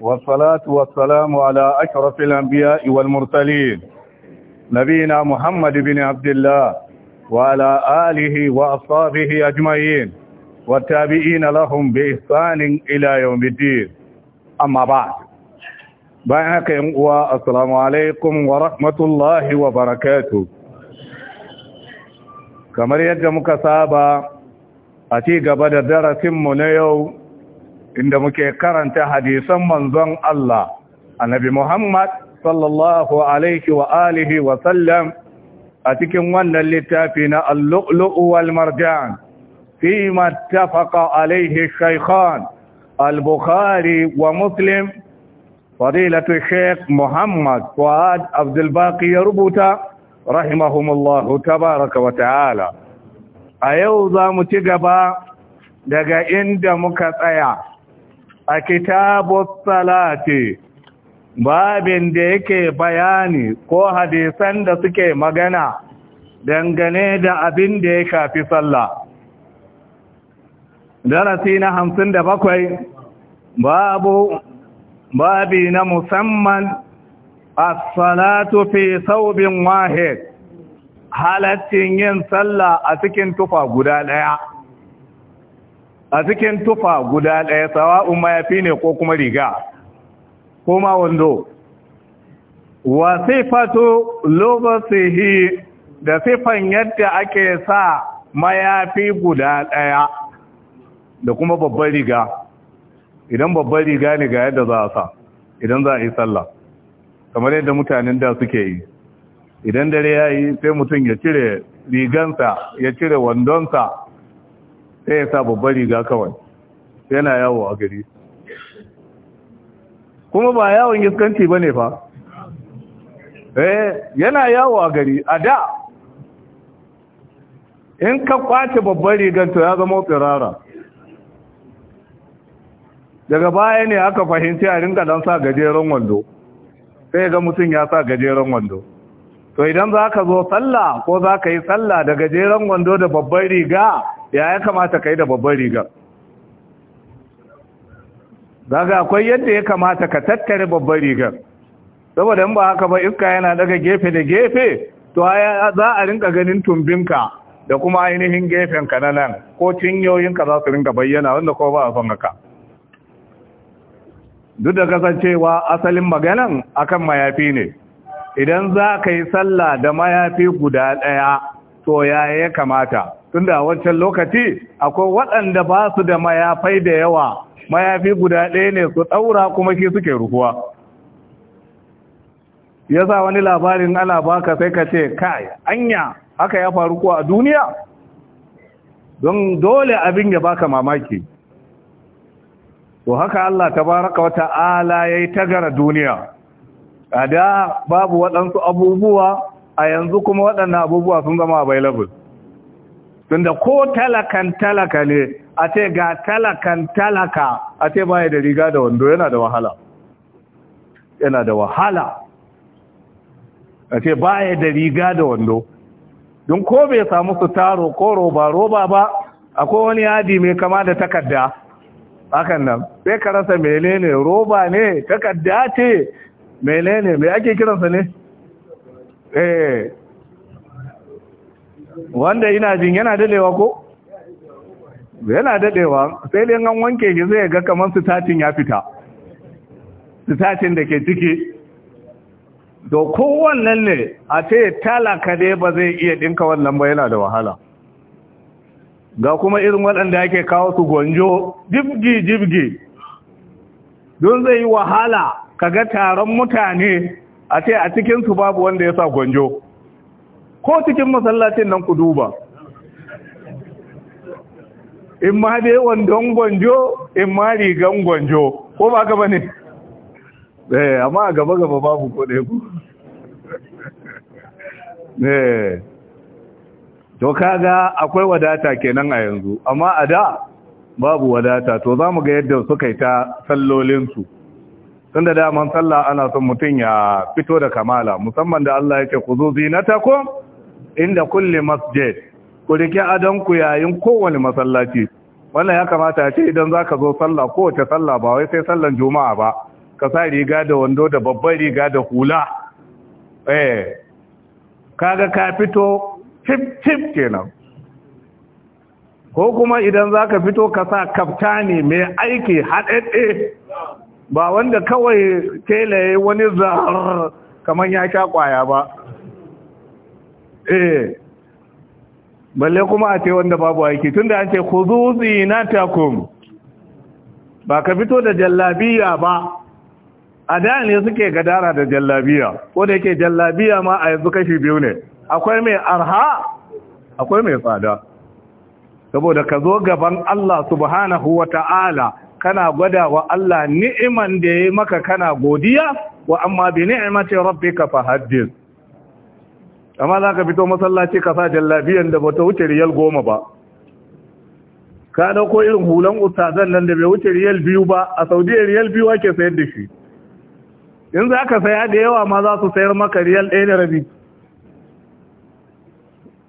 والصلاة والسلام على أشرف الأنبياء والمرسلين نبينا محمد بن عبد الله وعلى آله وأصحابه أجمعين والتابعين لهم بإحسان إلى يوم الدين أما بعد بأنك يمقوى السلام عليكم ورحمة الله وبركاته كما يجمك سابا أتيق بدر درس من يوم inda muke karanta hadisan manzon Allah annabi Muhammad sallallahu alaihi wa alihi wa sallam a cikin wannan littafi na al-lu'lu'u wal marjan fi ma tafaqa alaihi shaykhan al-bukhari wa muslim fadilatu shaykh Muhammad Fuad Abdul Baqi ya rubuta rahimahumullahu tabaraka wa ta'ala a yau za mu ci gaba daga inda muka tsaya a kitabun salati babin da yake bayani ko hadisan da suke magana dangane da abin da ya shafi sallah darasi na hamsin da bakwai babu babi na musamman a salatu fi saubin wahid halattin yin sallah a cikin tufa guda ɗaya a cikin tufa guda ɗaya sawa'u mayafi ne ko kuma riga ko ma wando wa sifatu lubasihi da sifan yadda ake sa mayafi guda ɗaya da kuma babbar riga idan babbar riga ne ga yadda za a sa idan za a yi sallah kamar yadda mutanen da suke yi idan dare ya yi sai mutum ya cire rigansa ya cire wandonsa sai ya sa babbar riga kawai yana yawo a gari kuma ba yawon iskanci ba ne fa eh yana yawo a gari a da in ka kwace babbar rigar to ya zama tsirara daga baya ne aka fahimci a rinka don sa gajeren wando sai ga mutum ya sa gajeren wando to idan za ka zo sallah ko za ka yi sallah da gajeren wando da babbar riga ya ya kamata ka yi da babban rigar daga akwai yadda ya kamata ka tattare babban rigar saboda in ba haka ba iska yana daga gefe da gefe to za a rinka ganin tumbinka da kuma ainihin gefenka na nan ko cinyoyinka za su rinka bayyana wanda ko ba a son haka duk da kasancewa asalin maganan akan mayafi ne idan za ka yi sallah da mayafi guda ɗaya to ya ya kamata tunda a wancan lokaci akwai waɗanda ba su da mayafai da yawa mayafi guda ɗaya ne su ɗaura kuma shi suke ruhuwa. ya sa wani labarin ana baka sai ka ce kai anya haka ya faru kuwa a duniya don dole abin ya baka mamaki to haka Allah Ta baraka wata Ala ya yi tagara duniya a da babu waɗansu abubuwa a yanzu kuma waɗannan abubuwa sun zama available tunda ko talakan talaka ne a ce ga talakan talaka a ce baya da riga da wando yana da wahala yana da wahala a ce ya da riga da wando don ko bai samu su taro ko roba-roba ba akwai wani yadi mai kama da takarda hakan nan sai ka rasa ne roba ne takarda ce ne mai ake kiransa ne eh wanda ina jin yana dadewa ko yana dadewa sai dai an wanke shi zai ga kamar sitatin ya fita sitatin da ke ciki to kowannan ne a ce talaka dai ba zai iya dinka wannan ba yana da wahala ga kuma irin waɗanda ake kawo su gonjo jibgi-jibgi don zai yi wahala kaga taron mutane a ce a cikinsu babu wanda ya sa gonjo ko cikin masallacin nan ku duba in ma dai wandon gwanjo in ma rigan gwanjo ko ba ka ne eh amma gaba gaba babu ko dai ku eh to kaga akwai wadata kenan a yanzu amma a da babu wadata to za mu ga yadda suka yi ta sallolinsu tun da man sallah ana son mutum ya fito da kamala musamman da Allah yake ku zo zinatakum inda kulle masjid ku rike adonku yayin kowane masallaci wannan ya kamata a ce idan za ka zo sallah kowace sallah ba wai sai sallan juma'a ba ka sa riga da wando da babban riga da hula eh kaga ka fito tip tip kenan ko kuma idan za ka fito ka sa kaftani mai aiki haɗaɗe ba wanda kawai telaye wani zarar kamar ya sha kwaya ba eh balle kuma a ce wanda babu aiki tunda an ce khudhu zinatakum ba ka fito da jallabiya ba a da ne suke gadara da jallabiya ko da yake jallabiya ma a yanzu kashi biyu ne akwai mai arha akwai mai tsada saboda ka zo gaban Allah subhanahu wa ta'ala kana gwada wa Allah ni'iman da ya maka kana godiya wa amma bi ni'imati rabbika fahaddith amma za ka fito masallaci ka sa jallabiyan da bata ta wuce riyal goma ba ka dauko irin hulan ustazan nan da bai wuce riyal biyu ba a saudiya riyal biyu ake sayar da shi in za ka saya da yawa ma za su sayar maka riyal ɗaya da rabi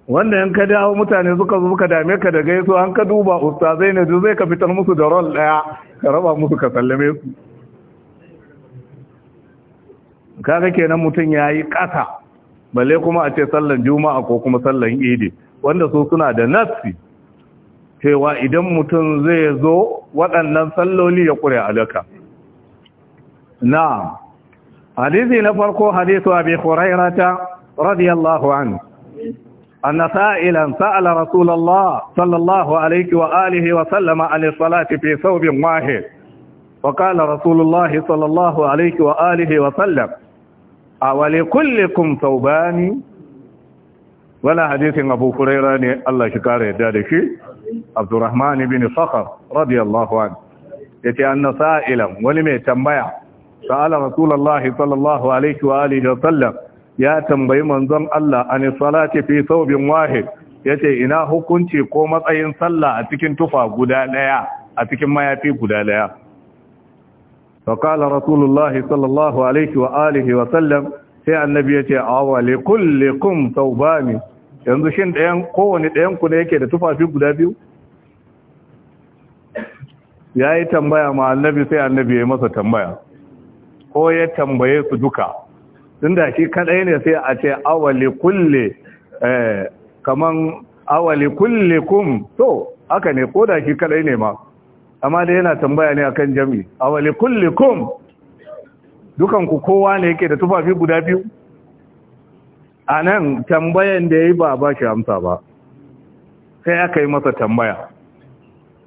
wanda yan ka dawo mutane suka zo suka dame ka da gaiso an ka duba ustazai ne zai ka fitar musu da rol ɗaya ka raba musu ka sallame su kaga kenan mutum ya yi ƙasa balle kuma a ce sallan juma'a ko kuma sallan idi wanda su suna da nassi cewa idan mutum zai zo waɗannan salloli ya ƙure a daka. na'am hadisi na farko hadisu abi hurairata radiyallahu anhu أن سائلا سأل رسول الله صلى الله wa sallama وسلم عن الصلاة في ثوب واحد وقال رسول sallallahu alaihi الله عليه وآله a wale kullikum saubani Wani hadisin abu huraira ne Allah shi kare yadda da shi abdurrahman Bin sakhar radiyallahu an yace anna sa'ilan wani mai tambaya sa'ala rasulullahi sallallahu alaihi wa alihi da sallam ya tambayi manzon Allah an salati fi thawbin wahid yace ina hukunci ko matsayin sallah a cikin tufa guda daya a cikin mayafi guda daya فقال رسول الله صلى الله عليه وآله وسلم سيء النبي يتي أولي كلكم ثوبان yanzu shin ɗayan kowane ɗayanku ne yake da tufafi guda biyu ya yi tambaya ma annabi sai annabi ya masa tambaya ko ya tambaye su duka tun da shi kaɗai ne sai a ce awali kulle kaman awali kulle kum so haka ne ko da shi kaɗai ne ma amma da yana tambaya ne akan jami awali kullikum dukan ku kowa ne yake da tufafi guda biyu a nan tambayan da ya yi ba ba shi amsa ba sai aka yi masa tambaya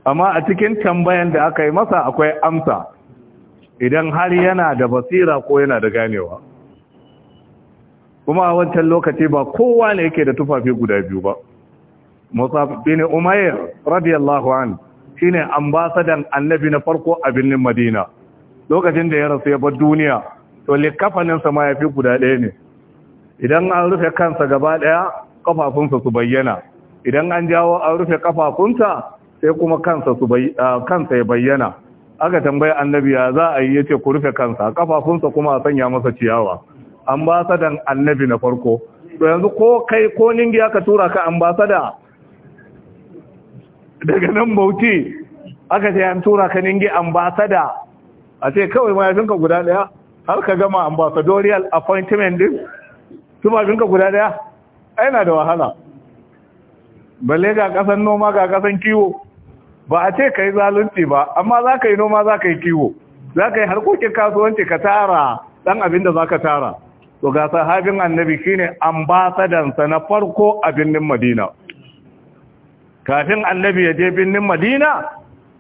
amma a cikin tambayan da aka yi masa akwai amsa idan har yana da basira ko yana da ganewa kuma a wancan lokaci ba kowa ne yake da tufafi guda biyu ba Musa bin umayr radiyallahu anhu shine ambasadan annabi na farko a birnin madina lokacin da ya rasu ya bar duniya to likafaninsa ma ya fi guda ɗaya ne idan an rufe kansa gaba ɗaya kafafunsa su bayyana idan an jawo an rufe kafafunsa sai kuma kansa ya bayyana aka tambaya annabi ya za a yi ya ce ku rufe kansa kafafunsa kuma a sanya masa ciyawa ambasadan annabi na farko to yanzu ko kai ko ningi aka tura ka ambasada daga nan bauti aka ce an tura ka ninge ambasada a ce kawai mayafinka guda daya har ka gama ambassadorial appointment din Su tufafinka guda daya aina da wahala balle ga kasan noma ga kasan kiwo ba a ce ka yi zalunci ba amma za ka yi noma za ka yi kiwo za ka yi harkokin kasuwanci ka tara ɗan abin da za ka tara to ga sahabin annabi shine ambasadansa na farko a birnin madina kafin annabi ya je birnin madina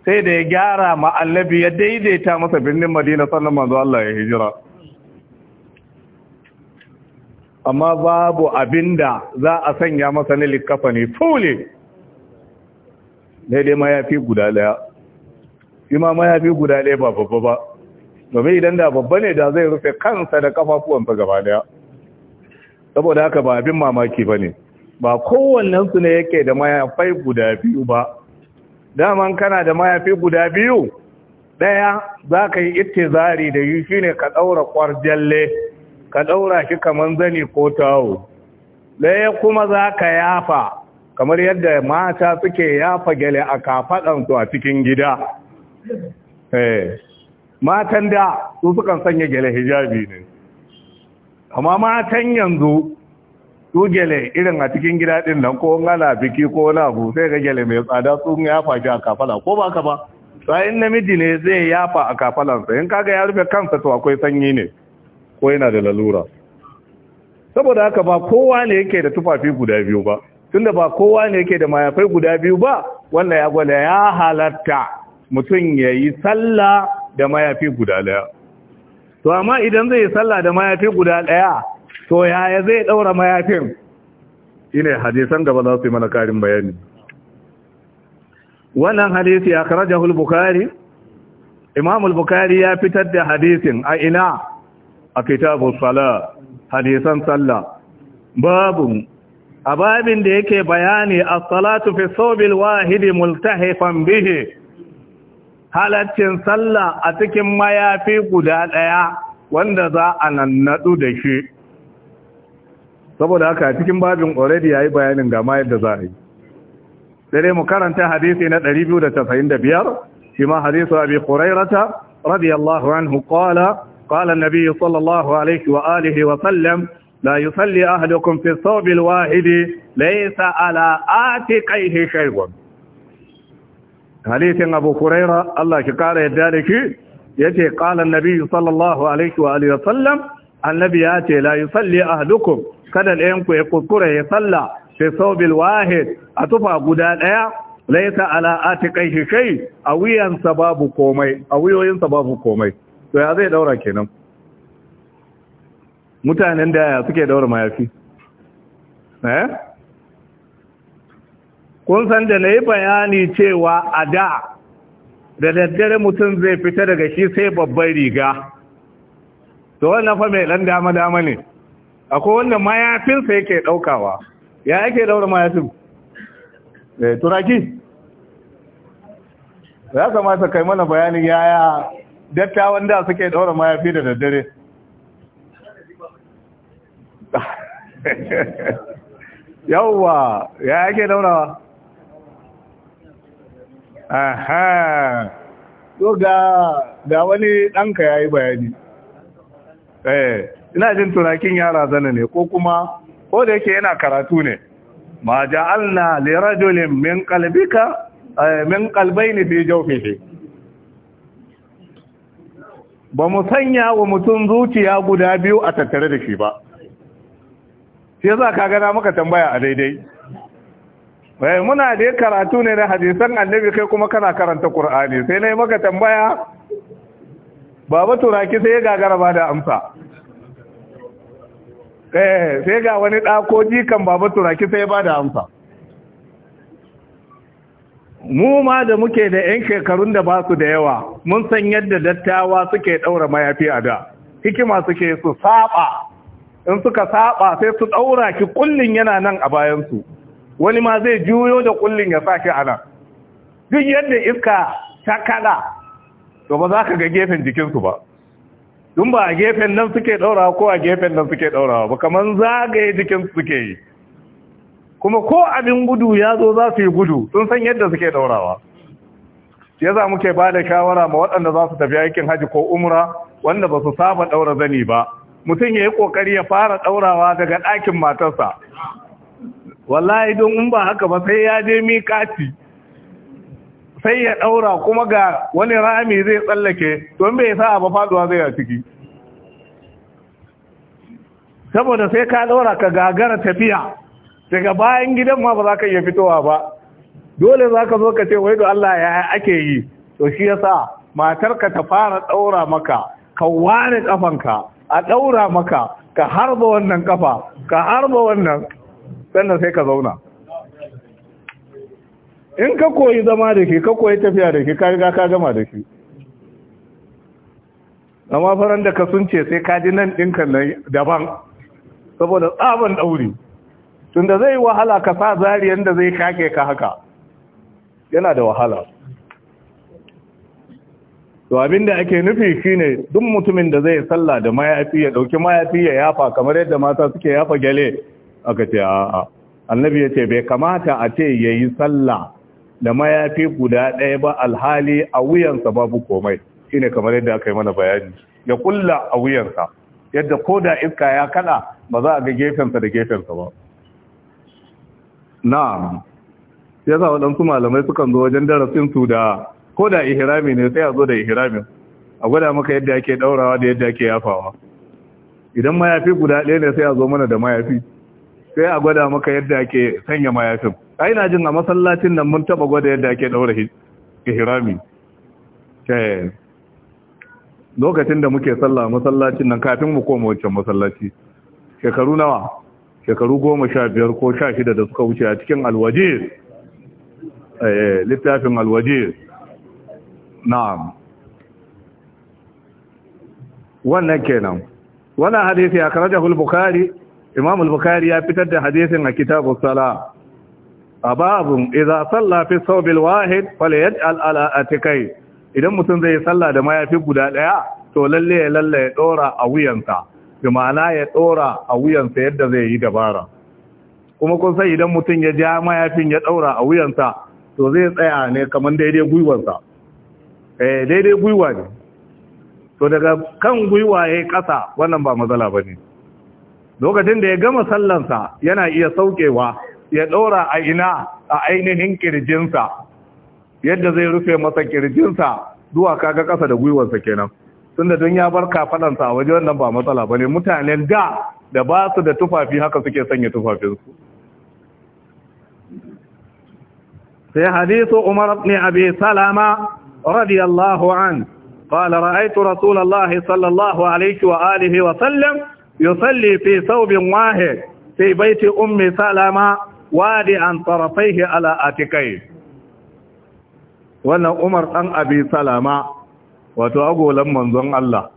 sai da ya gyara ma annabi ya daidaita masa birnin madina sannan manzo Allah ya hijira amma babu abinda za a sanya masa na likafa ne fule daidai fi guda daya shi ma ya fi guda daya ba babba ba domin idan da babba ne da zai rufe kansa da kafafuwansa gaba daya saboda haka ba abin mamaki ba ne ba kowannensu ne yake da mayafai guda biyu ba daman kana da mayafi guda biyu ɗaya za ka yi zari da yi shi ne ka ɗaura kwarjalle. ka ɗaura shi kamar zani ko tawo ɗaya kuma za ka yafa kamar yadda mata suke yafa gele a kafaɗansu a cikin gida eh, matan da su sukan sanya gele hijabi ne amma matan yanzu su gele irin a cikin gida din nan ko ngala biki ko na abu sai ga gele mai tsada sun ya shi a kafala ko ba ka ba sai in namiji ne zai yafa a kafalansa in kaga ya rufe kansa to akwai sanyi ne ko yana da lalura saboda haka ba kowa ne yake da tufafi guda biyu ba tunda ba kowa ne yake da mayafai guda biyu ba wannan ya gwada ya halatta mutum ya yi sallah da mayafi guda daya to amma idan zai yi sallah da mayafi guda daya to yaya zai ɗaura mayafin shine hadisan gaba za su yi mana karin bayani wannan hadisi a karajahul bukari imamul bukari ya fitar da hadisin a ina a kitabu sala hadisan sallah babu a babin da yake bayani a salatu fi sobil wahidi multahifan bihe halaccin sallah a cikin mayafi guda ɗaya wanda za a nannadu da shi saboda haka cikin babin already yayi bayanin ga ma yadda za a yi dare mu karanta hadisi na 295 shi ma hadisu abi hurairata radiyallahu anhu qala qala an-nabiy sallallahu alaihi wa alihi wa sallam la yusalli ahadukum fi thawb al-wahid laysa ala atiqihi shay'un hadisin abu hurairah Allah ki kara yadda da ki yace qala an sallallahu alaihi wa sallam annabi yace la yusalli kada ɗayanku ya kuskura ya salla fi saubil wahid a tufa guda ɗaya laisa ala shi shay a wuyansa babu komai a wuyoyinsa babu komai to ya zai daura kenan mutanen da ya suke daura mayafi eh kun san da nayi bayani cewa a da da daddare mutum zai fita daga shi sai babbar riga to wannan fa mai dan dama dama ne akwai wanda mayafinsa yake ɗaukawa ya yake daura mayafin eh, turaki ya kamata kai mana bayanin yaya dattawan da suke daura mayafi da daddare yawa ya yake daurawa aha to ga wani danka ya yi bayani eh ina jin tunakin yara zana ne ko kuma ko da yake yana karatu ne ma ja'alna li rajulin min qalbika eh, min qalbayni fi jawfihi ba mu sanya wa mutum zuciya guda biyu a tattare da shi ba sai za ka gana maka tambaya a daidai bai eh, muna da karatu ne na hadisan annabi kai kuma kana karanta qur'ani sai nayi maka tambaya baba turaki sai ya gagara ba da amsa Eh, sai ga wani ɗako jikan baba turaki sai ba da amsa mu ma da muke da 'yan shekarun da ba su da yawa mun san yadda dattawa suke ɗaura mayafi a da hikima suke su saba in suka saba sai su ɗaura ki kullin yana nan a bayansu wani ma zai juyo da kullin ya sa shi a nan duk yadda iska ta kada to ba za ka ga gefen jikinsu ba dun ba a gefen nan suke ɗaurawa ko a gefen nan suke ɗaurawa ba kamar zagaye jikin suke yi kuma ko abin gudu ya zo za su yi gudu sun san yadda suke ɗaurawa ya za muke ba da shawara ma waɗanda za su tafi aikin haji ko umra wanda ba su saba ɗaura zani ba mutum ya yi ƙoƙari ya fara ɗaurawa daga ɗakin matarsa wallahi don in ba haka ba sai ya je mikati sai ya ɗaura kuma ga wani rami zai tsallake don bai sa ba faduwa zai a ciki saboda sai ka ɗaura ka gagara tafiya daga bayan gidan ma ba za ka iya fitowa ba dole za ka zo ka ce wai da Allah ya ake yi to shi ya yasa matarka ta fara ɗaura maka ka ware kafanka a ɗaura maka ka harba wannan kafa ka harba wannan sannan sai ka zauna in ka koyi zama da shi ka koyi tafiya da shi ka riga ka gama da shi amma faran da ka sunce sai ka ji nan ɗinkan nan daban saboda tsaban ɗauri tunda zai wahala ka sa zariyan da zai kake ka haka yana da wahala to abinda ake nufi shine duk mutumin da zai sallah da mayafi ya dauki mayafi ya yafa kamar yadda mata suke yafa gele aka ce a'a annabi yace bai kamata a ce yayi sallah da mayafi guda ɗaya ba alhali a wuyansa babu komai shine kamar yadda aka yi mana bayani ya kulla a wuyansa yadda ko da iska ya kada ba za a ga gefensa da gefensa ba na'am ya sa waɗansu malamai sukan zo wajen darasinsu da ko da ihrami ne sai a zo da ihramin a gwada maka yadda ake ɗaurawa da yadda ake yafawa idan mayafi guda ɗaya ne sai a zo mana da mayafi sai a gwada maka yadda ake sanya mayafin aina jin a masallacin nan mun taba gwada yadda ake daura ihrami eh. lokacin da muke sallah masallacin nan kafin mu koma wancan masallaci shekaru nawa shekaru goma sha biyar ko sha shida da suka wuce a cikin alwaje eh, littafin alwaje na'am wannan kenan wannan hadisi a karajahul bukari imam al-bukhari ya fitar da hadisin a kitabus sala babun idza salla fi thawbil wahid yaj'al ala atikai idan mutum zai salla da mayafi guda daya to lalle ya lalle ya dora a wuyansa bi ma'ana ya dora a wuyansa yadda zai yi dabara kuma kun sai idan mutum ya ja mayafin ya daura a wuyansa to zai tsaya ne kaman daidai gwiwansa eh daidai guiwa ne to daga kan gwiwa yayi kasa wannan ba matsala bane lokacin da ya gama sallansa yana iya saukewa ya ɗora a ina a ainihin ƙirjinsa yadda zai rufe masa ƙirjinsa zuwa kaga ƙasa da gwiwarsa kenan tunda don ya bar kafaɗansa a waje wannan ba matsala ba ne mutanen da da ba su da tufafi haka suke sanya tufafinsu sai hadisu umar ibn abi salama radiyallahu an qala ra'aytu rasulullahi sallallahu alayhi wa alihi wa sallam yusalli fi thawbin wahid fi baiti ummi salama wadi an tarafaihi ala atikai wannan umar dan abi salama wato agolan manzon Allah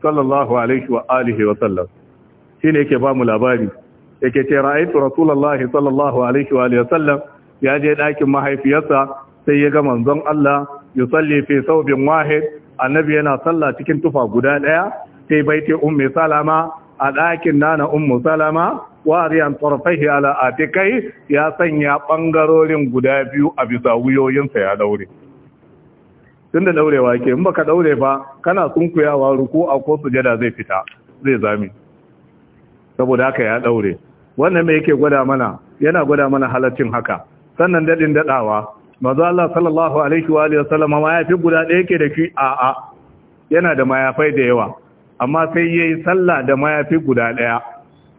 sallallahu alaihi wa alihi wa sallam shine yake ba mu labari yake ce ra'aytu rasulullahi sallallahu alaihi wa alihi wa sallam ya je dakin mahaifiyarsa sai ya ga manzon Allah yusalli fi saubin wahid annabi yana sallah cikin tufa guda daya sai baiti ummi salama a ɗakin nana ummu salama wari an tarfahi ala atikai ya sanya bangarorin guda biyu a bisa wuyoyinsa ya daure tunda daurewa ke in baka daure ba kana sunkuyawa ruku a ko sujada zai fita zai zami saboda haka ya daure wannan me yake gwada mana yana gwada mana halaccin haka sannan daɗin daɗawa. mazu Allah sallallahu alaihi wa alihi wasallam ma yafi guda ɗaya ke da shi a a yana da mayafai da yawa amma sai yayi sallah da mayafi guda ɗaya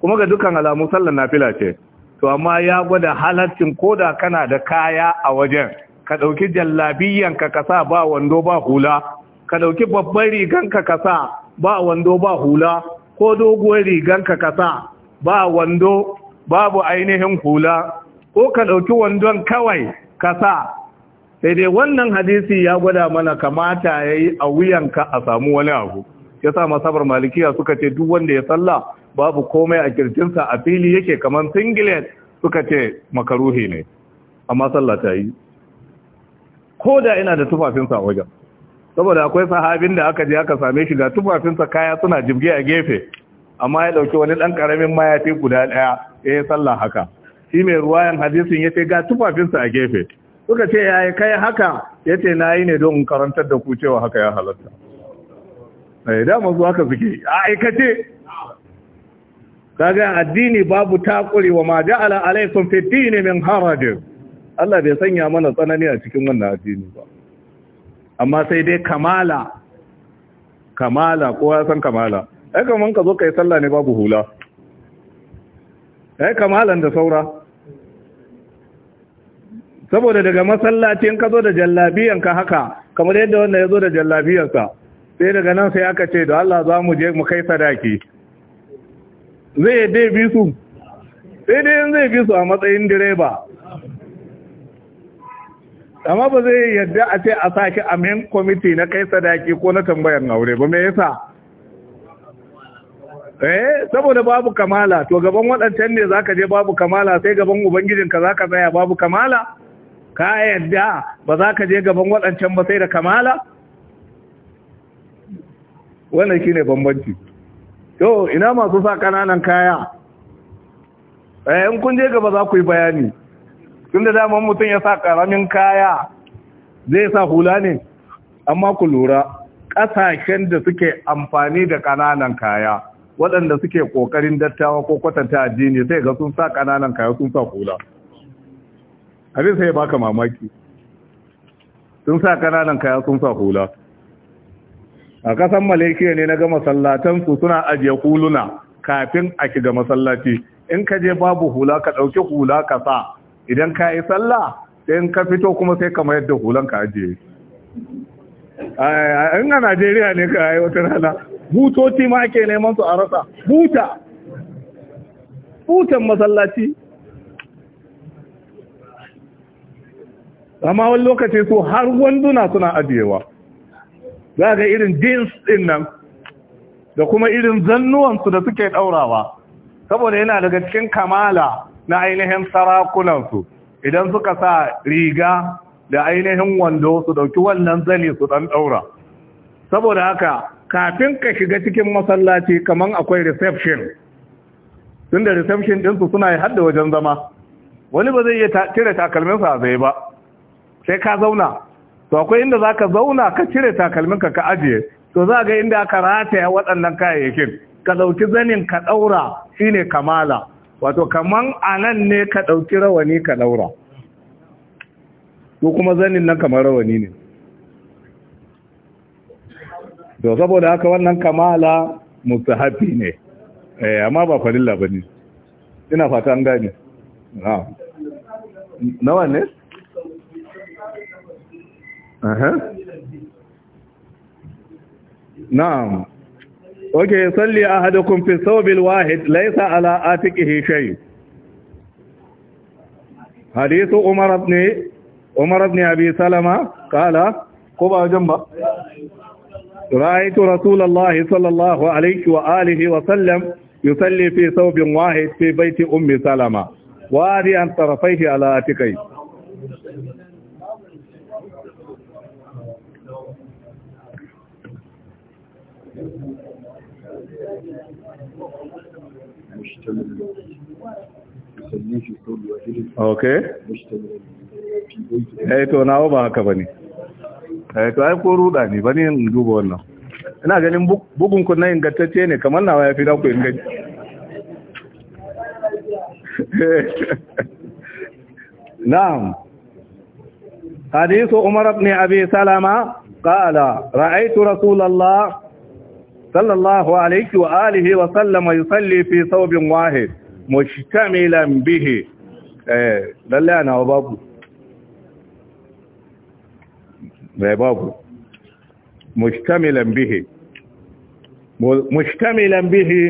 kuma ga dukan alamu sallar nafila ce to amma ya gwada halarcin koda kana da kaya a wajen ka ɗauki jallabiyan ka kasa ba wando ba hula ka ɗauki babban rigan ka kasa ba wando ba hula ko doguwar rigan ka kasa ba wando babu ainihin hula ko ka ɗauki wandon kawai kasa sai dai wannan hadisi ya gwada mana kamata ya yi a wuyanka a samu wani abu ya sa masabar malikiya suka ce duk wanda ya sallah. babu komai a kirjinsa a fili yake kamar singlet suka ce makaruhi ne amma sallah ta yi ko da ina da tufafinsa wajen saboda akwai sahabin da aka je aka same shi ga tufafinsa kaya suna jibge a gefe amma ya dauki wani dan karamin mayafi guda daya ya yi sallah haka shi mai ruwayan hadisin ya ce ga tufafinsa a gefe suka ce ya yi kai haka ya ce na yi ne don karantar da ku cewa haka ya halatta da eh, dama zuwa haka suke aikace kaga addini babu takuri wa ma ja'ala alaikum fi dini min haraj Allah bai sanya mana tsanani a cikin wannan addini ba amma sai dai kamala kamala ko ya san kamala ai kaman ka zo kai sallah ne babu hula ai kamalan da saura saboda daga masallacin ka zo da ka haka kamar yadda wanda ya zo da jallabiyansa sai daga nan sai aka ce da Allah za mu je mu kai sadaki zai yadda bi su sai dai zai bi su a matsayin direba amma ba zai yadda a ce a sake a main kwamiti na kai sadaki ko na tambayar aure ba me yasa eh saboda babu kamala to gaban waɗancan ne zaka je babu kamala sai gaban ubangijinka zaka tsaya babu kamala ka yadda ba za ka je gaban waɗancan ba sai da kamala wannan shine bambanci yo ina masu sa kananan kaya eh, in kun je gaba za ku yi bayani tun da daman mutum ya sa karamin kaya zai sa hula ne amma ku lura ƙasashen da suke amfani da kananan kaya waɗanda suke ƙoƙarin dattawa ko kwatanta addini sai ga sun sa kananan kaya sun sa hula abin sai baka mamaki sun sa kananan kaya sun sa hula a kasan malekiya ne na ga masallatansu suna ajiye huluna kafin a shiga masallaci in ka je babu hula ka ɗauki hula ka sa idan ka yi sallah sai in ka fito kuma sai ka mayar da hulan ka ajiye in a najeriya ne ka yi wata rana butoci ma ake neman su a rasa buta butan masallaci amma wani lokaci su har wanduna suna ajiyewa za ga irin jeans din nan da kuma irin zannuwansu da suke ɗaurawa saboda yana daga cikin kamala na ainihin sarakunansu idan suka sa riga da ainihin wando su ɗauki wannan zane su ɗan ɗaura saboda haka kafin ka shiga cikin masallaci kaman akwai reception tun da reception ɗinsu suna yi hadda wajen zama wani ba zai iya cire takalminsa a zai ba sai ka zauna to akwai inda zaka zauna ka cire takalminka ka ajiye to za ga inda aka rataya waɗannan kayayyakin ka ɗauki zanin ka ɗaura shine kamala wato kaman anan ne ka ɗauki rawani ka ɗaura ko kuma zanin nan kamar rawani ne to saboda haka wannan kamala mustahabi ne eh amma ba ba bane ina fata an gane na'am nawa ne na'am oke salli a ahadukum fi thawbil wahid laysa ala atiqihi shay hadith umar ibn umar ibn abi salama ko qala quba jamba ra'aytu rasulallahi sallallahu alayhi wa alihi wa sallam yusalli fi thawbin wahid fi bayti ummi salama wadi an tarafayhi ala atiqihi okay eh to na ba haka bane eh to ai ko ruda ne bane in duba wannan ina ganin bugun ku na ingantacce ne kamar nawa yafi da ku inganci na'am Hadithu Umar ibn Abi Salama qala ra'aytu Rasulullah sallallahu alaihi wa alihi wa sallama yusalli fi thawbin wahid mushtamilan bihi eh lalle ana babu mai eh, babu mushtamilan bihi mushtamilan bihi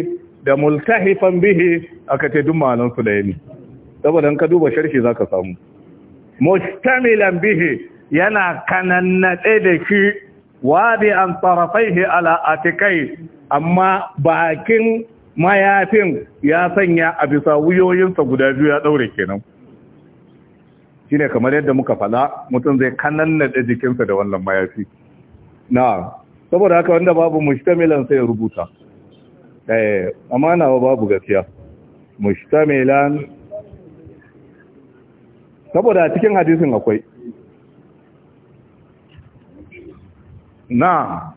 da multahifan bihi aka ce duk malan su da ne saboda ka duba sharhi zaka samu mushtamilan bihi yana kanannade da shi wabi an tarafaihi ala kai amma bakin mayafin ya sanya a bisa wuyoyinsa guda biyu ya ɗaure kenan Shi ne kamar yadda muka fada mutum zai kanannade jikinsa da wannan mayafi na saboda haka wanda babu mushtamilan sai rubuta eh amana wa babu gaskiya mushtamilan saboda cikin hadisin akwai na'am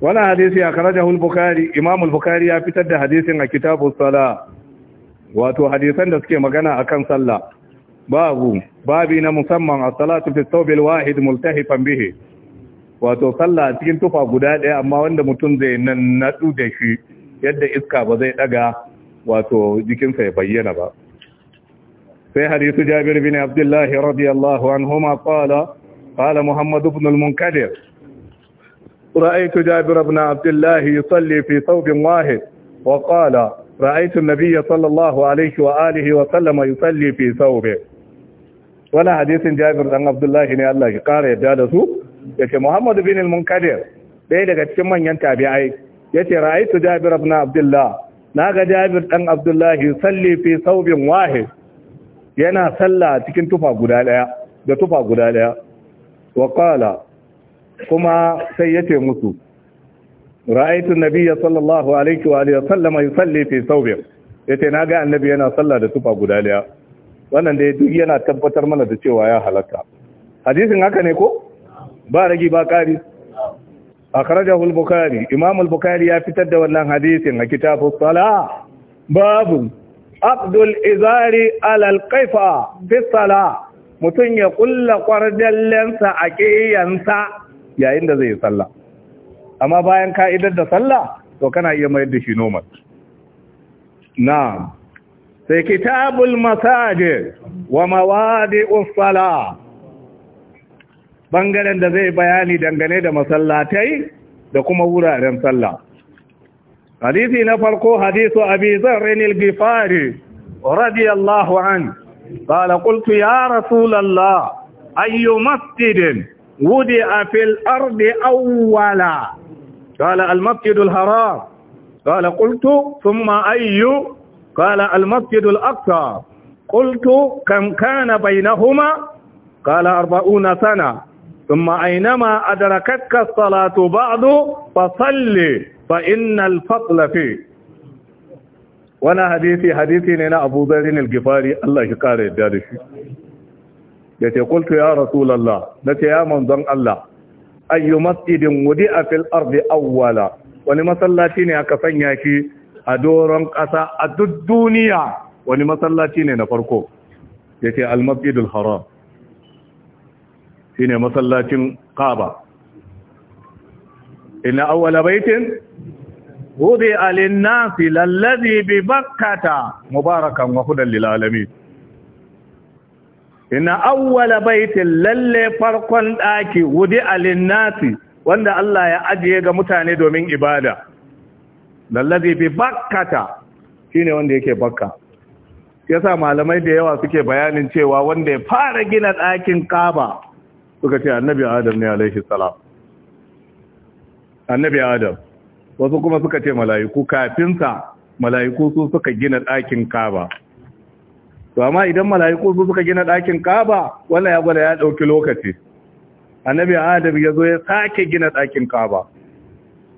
wannan hadisi akhrajahu al-bukhari imam al-bukhari ya fitar da hadisin a kitabus sala wato hadisan da suke magana akan sallah babu babi na musamman as-salatu fi thawbil wahid multahifan bihi wato sallah cikin tufa guda ɗaya amma wanda mutum zai nan da shi yadda iska ba zai daga wato jikinsa ya bayyana ba sai حديث jabir bin abdullahi الله رضي الله عنهما قال قال رأيت جابر بن عبد الله يصلي في ثوب واحد وقال رأيت النبي صلى الله عليه وآله وسلم يصلي في ثوبه ولا حديث جابر بن عبد الله ne Allah ya kara yadda da su yace Muhammad bin al-Munkadir daga cikin manyan tabi'ai yace Ra'aitu Jabir ibn Abdullah naga Jabir ɗan Abdullah yusalli fi thawbin yana sallah cikin tufa guda daya da tufa guda daya wa kuma sai ya ce musu ra'aytu nabiyya sallallahu alaihi wa alihi sallama yusalli fi ce yace naga annabi yana sallah da tufa guda daya wannan da duk yana tabbatar mana da cewa ya halatta hadisin haka ne ko ba ragi ba kari akhrajahu al-bukhari imam al-bukhari ya fitar da wannan hadisin a kitabu salah babu abdul izari ala al-qifa fi salah mutun ya kullu kwardallensa a ƙiyansa. yayin da zai yi sallah amma bayan ka'idar da sallah to kana iya mayar da shi nomad Na. sai kitabul masaje wa mawadi salah bangaren da zai bayani dangane da masallatai da kuma wuraren sallah hadisi na farko hadisu abi zarrin al fari. radiyallahu an qala qultu ya rasulallah ayyu masjidin وضع في الأرض أولا قال المسجد الحرام قال قلت ثم أي قال المسجد الأقصى قلت كم كان بينهما قال أربعون سنة ثم أينما أدركتك الصلاة بعد فصل فإن الفضل فيه وانا حديثي حديثي لنا أبو ذر الجفاري الله يقارئ ذلك ya ce kultu ya rasulallah na ce ya manzon Allah ayyu masjidin wudi a fil ardi awwala wani masallaci ne aka sanya shi a doron ƙasa a duk duniya wani masallaci ne na farko ya ce almasjidul haram shi ne masallacin kaba ina awwala baitin wudi alinnasi nasi lallazi bi bakkata mubarakan wa hudan lil alamin ina awwala baitin lalle farkon ɗaki wudi alinnasi wanda Allah ya ajiye ga mutane domin ibada Lallabi bi bakkata ne wanda yake bakka yasa malamai da yawa suke bayanin cewa wanda ya fara gina ɗakin kaba suka ce annabi adam ne alaihi salam annabi adam wasu kuma suka ce mala'iku kafinsa mala'iku su suka gina ɗakin kaba to amma idan mala'iku su suka gina ɗakin kaba wala ya gwada ya ɗauki lokaci annabi adam ya zo ya sake gina ɗakin kaba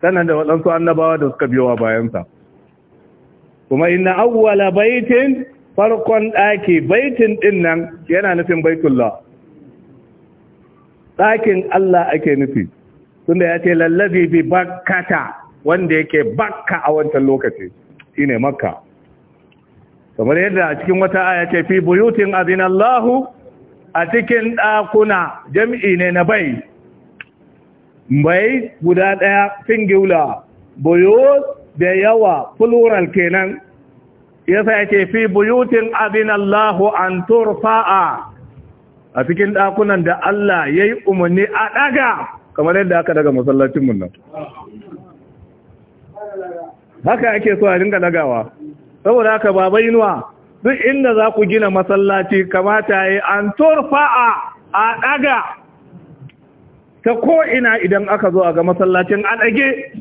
sannan da waɗansu annabawa da suka biyo a bayansa kuma inna awwala baitin farkon ɗaki baitin ɗin nan yana nufin baitullah ɗakin Allah ake nufi tunda ya ce lallabi bi bakkata wanda yake bakka a wancan lokaci shine makka kamar yadda a cikin wata aya ce fi buyutin azinallahu a cikin ɗakuna jami'i ne na bai bai guda ɗaya singula buyut da yawa plural kenan yasa yake ce fi buyutin azinallahu an turfa'a a cikin ɗakunan da Allah ya yi umarni a ɗaga kamar yadda aka daga masallacin masallacinmu nan haka ake so a dinga dagawa saboda haka babai inuwa duk inda za ku gina masallaci kamata yi an turfa'a a ɗaga ta ko'ina idan aka zo a ga masallacin an ɗage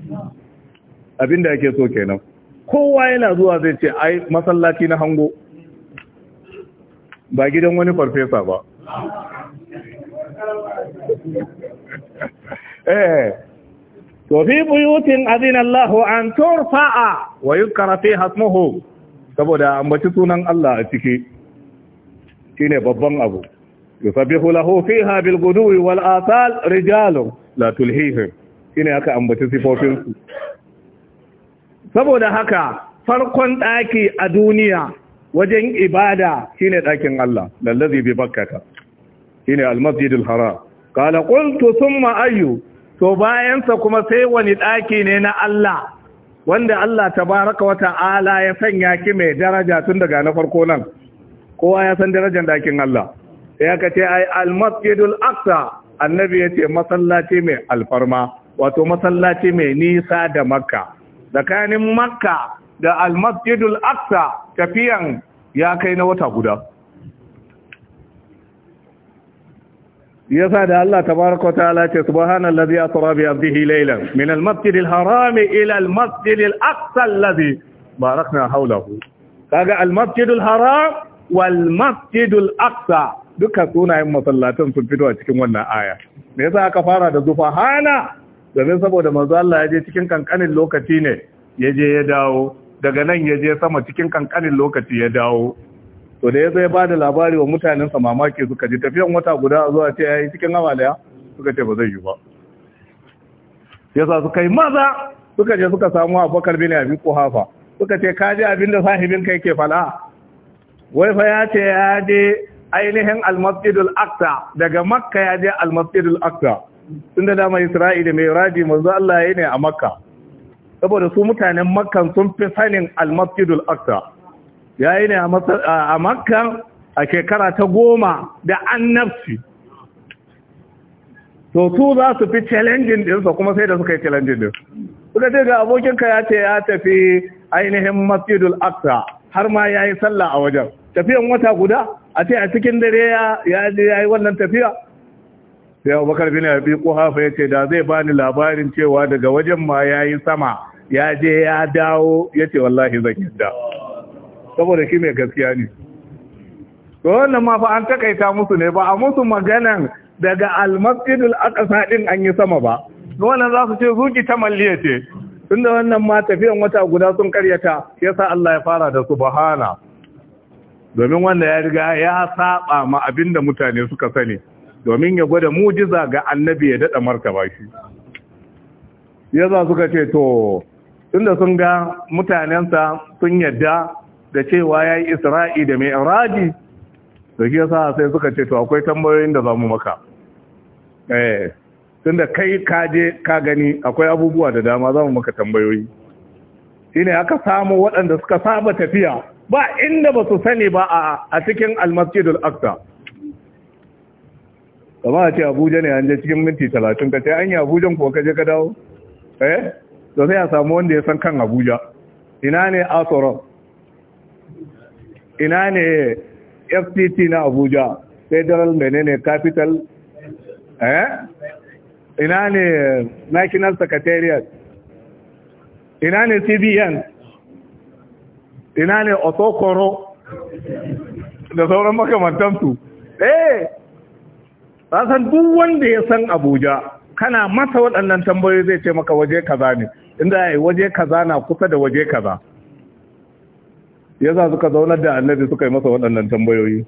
abinda yake so kenan kowa yana zuwa zai ce ai masallaci na hango ba gidan wani farfesa ba eh tofi buyutin azinallahu an turfa'a wa yuzkara fiha saboda ambaci sunan Allah a ciki shine babban abu yusabbihu lahu fiha bil gudwi wal asal rijalun la tulhihim shine aka ambaci sifofin su saboda haka farkon daki a duniya wajen ibada shine dakin Allah lallazi bi bakkata shine al masjidul haram qala qultu thumma ayyu to bayan sa kuma sai wani daki ne na Allah wanda Allah Ta baraka wa ala ya sanya ki mai daraja tun daga na farko nan kowa ya san darajar dakin Allah sai aka ce ai al-masjidul aqsa annabi ya ce masallaci mai alfarma wato masallaci mai nisa da makka tsakanin makka da al-masjidul aqsa tafiyan ya kai na wata guda yasa da Allah tabaraka ta'ala ce subhanallazi asra bi abdihi laylan min al-masjidil harami ila al-masjidil aqsa alladhi barakna hawlahu kaga al-masjidul haram wal masjidul aqsa duka sunayen masallatan sun fito a cikin wannan aya me yasa aka fara da hana? domin saboda manzo Allah ya je cikin kankanin lokaci ne ya je ya dawo daga nan ya je sama cikin kankanin lokaci ya dawo to da ya zai ba da labari wa mutanen sa mamaki suka ji tafiyan wata guda zuwa ce yi cikin amalaya suka ce ba zai yi ba yasa suka yi maza suka ce suka samu Abubakar bin ko hafa suka ce ka ji abinda sahibin kai ke fala wai fa ya ce ya je ainihin al akta daga Makka ya je al akta Aqsa da dama Isra'ila mai raji manzo Allah ya yi ne a Makka saboda su mutanen Makka sun fi sanin al akta ya yi ne a makka a shekara ta goma da annabci to su za su fi challenging dinsa kuma sai da suka yi challenging din suka ce ga abokinka ya ce ya tafi ainihin masjidul aqsa har ma ya yi sallah a wajen tafiyan wata guda a ce a cikin dare ya yi wannan tafiya sai bakar bin abi kuhafa ya ce da zai bani labarin cewa daga wajen ma ya yi sama ya je ya dawo ya ce wallahi zan yadda saboda shi mai gaskiya ne to wannan ma fa an takaita musu ne ba a musu maganan daga almasjidul aqsa din an yi sama ba wannan za su ce zuki ta malliya ce tunda wannan ma tafiyan wata guda sun karyata yasa Allah ya fara da subhana domin wanda ya riga ya saba ma abinda mutane suka sani domin ya gwada mujiza ga annabi ya dada martaba shi yasa suka ce to tunda sun ga mutanensa sun yadda da cewa ya yi isra'i da mai iraji da shi yasa sai suka ce to akwai tambayoyin da za mu maka eh, tun da kai kaje ka gani akwai abubuwa da dama za mu maka tambayoyi shi ne aka samu waɗanda suka saba tafiya ba inda ba su sani ba a cikin almasjidul aksa kama a ce abuja ne an je cikin minti talatin ka ce an yi abujan ko kaje ka dawo eh da sai a samu wanda ya san kan abuja ina ne tsoron? ina ne fct na abuja federal menene capital eh ina ne national secretariat ina ne cbn ina ne otokoro da sauran makamantansu eh san duk wanda ya san abuja kana masa waɗannan tambayoyi zai ce maka waje kaza ne inda ya yi waje kaza na kusa da waje kaza Ya za suka zaunar da annabi suka yi masa waɗannan tambayoyi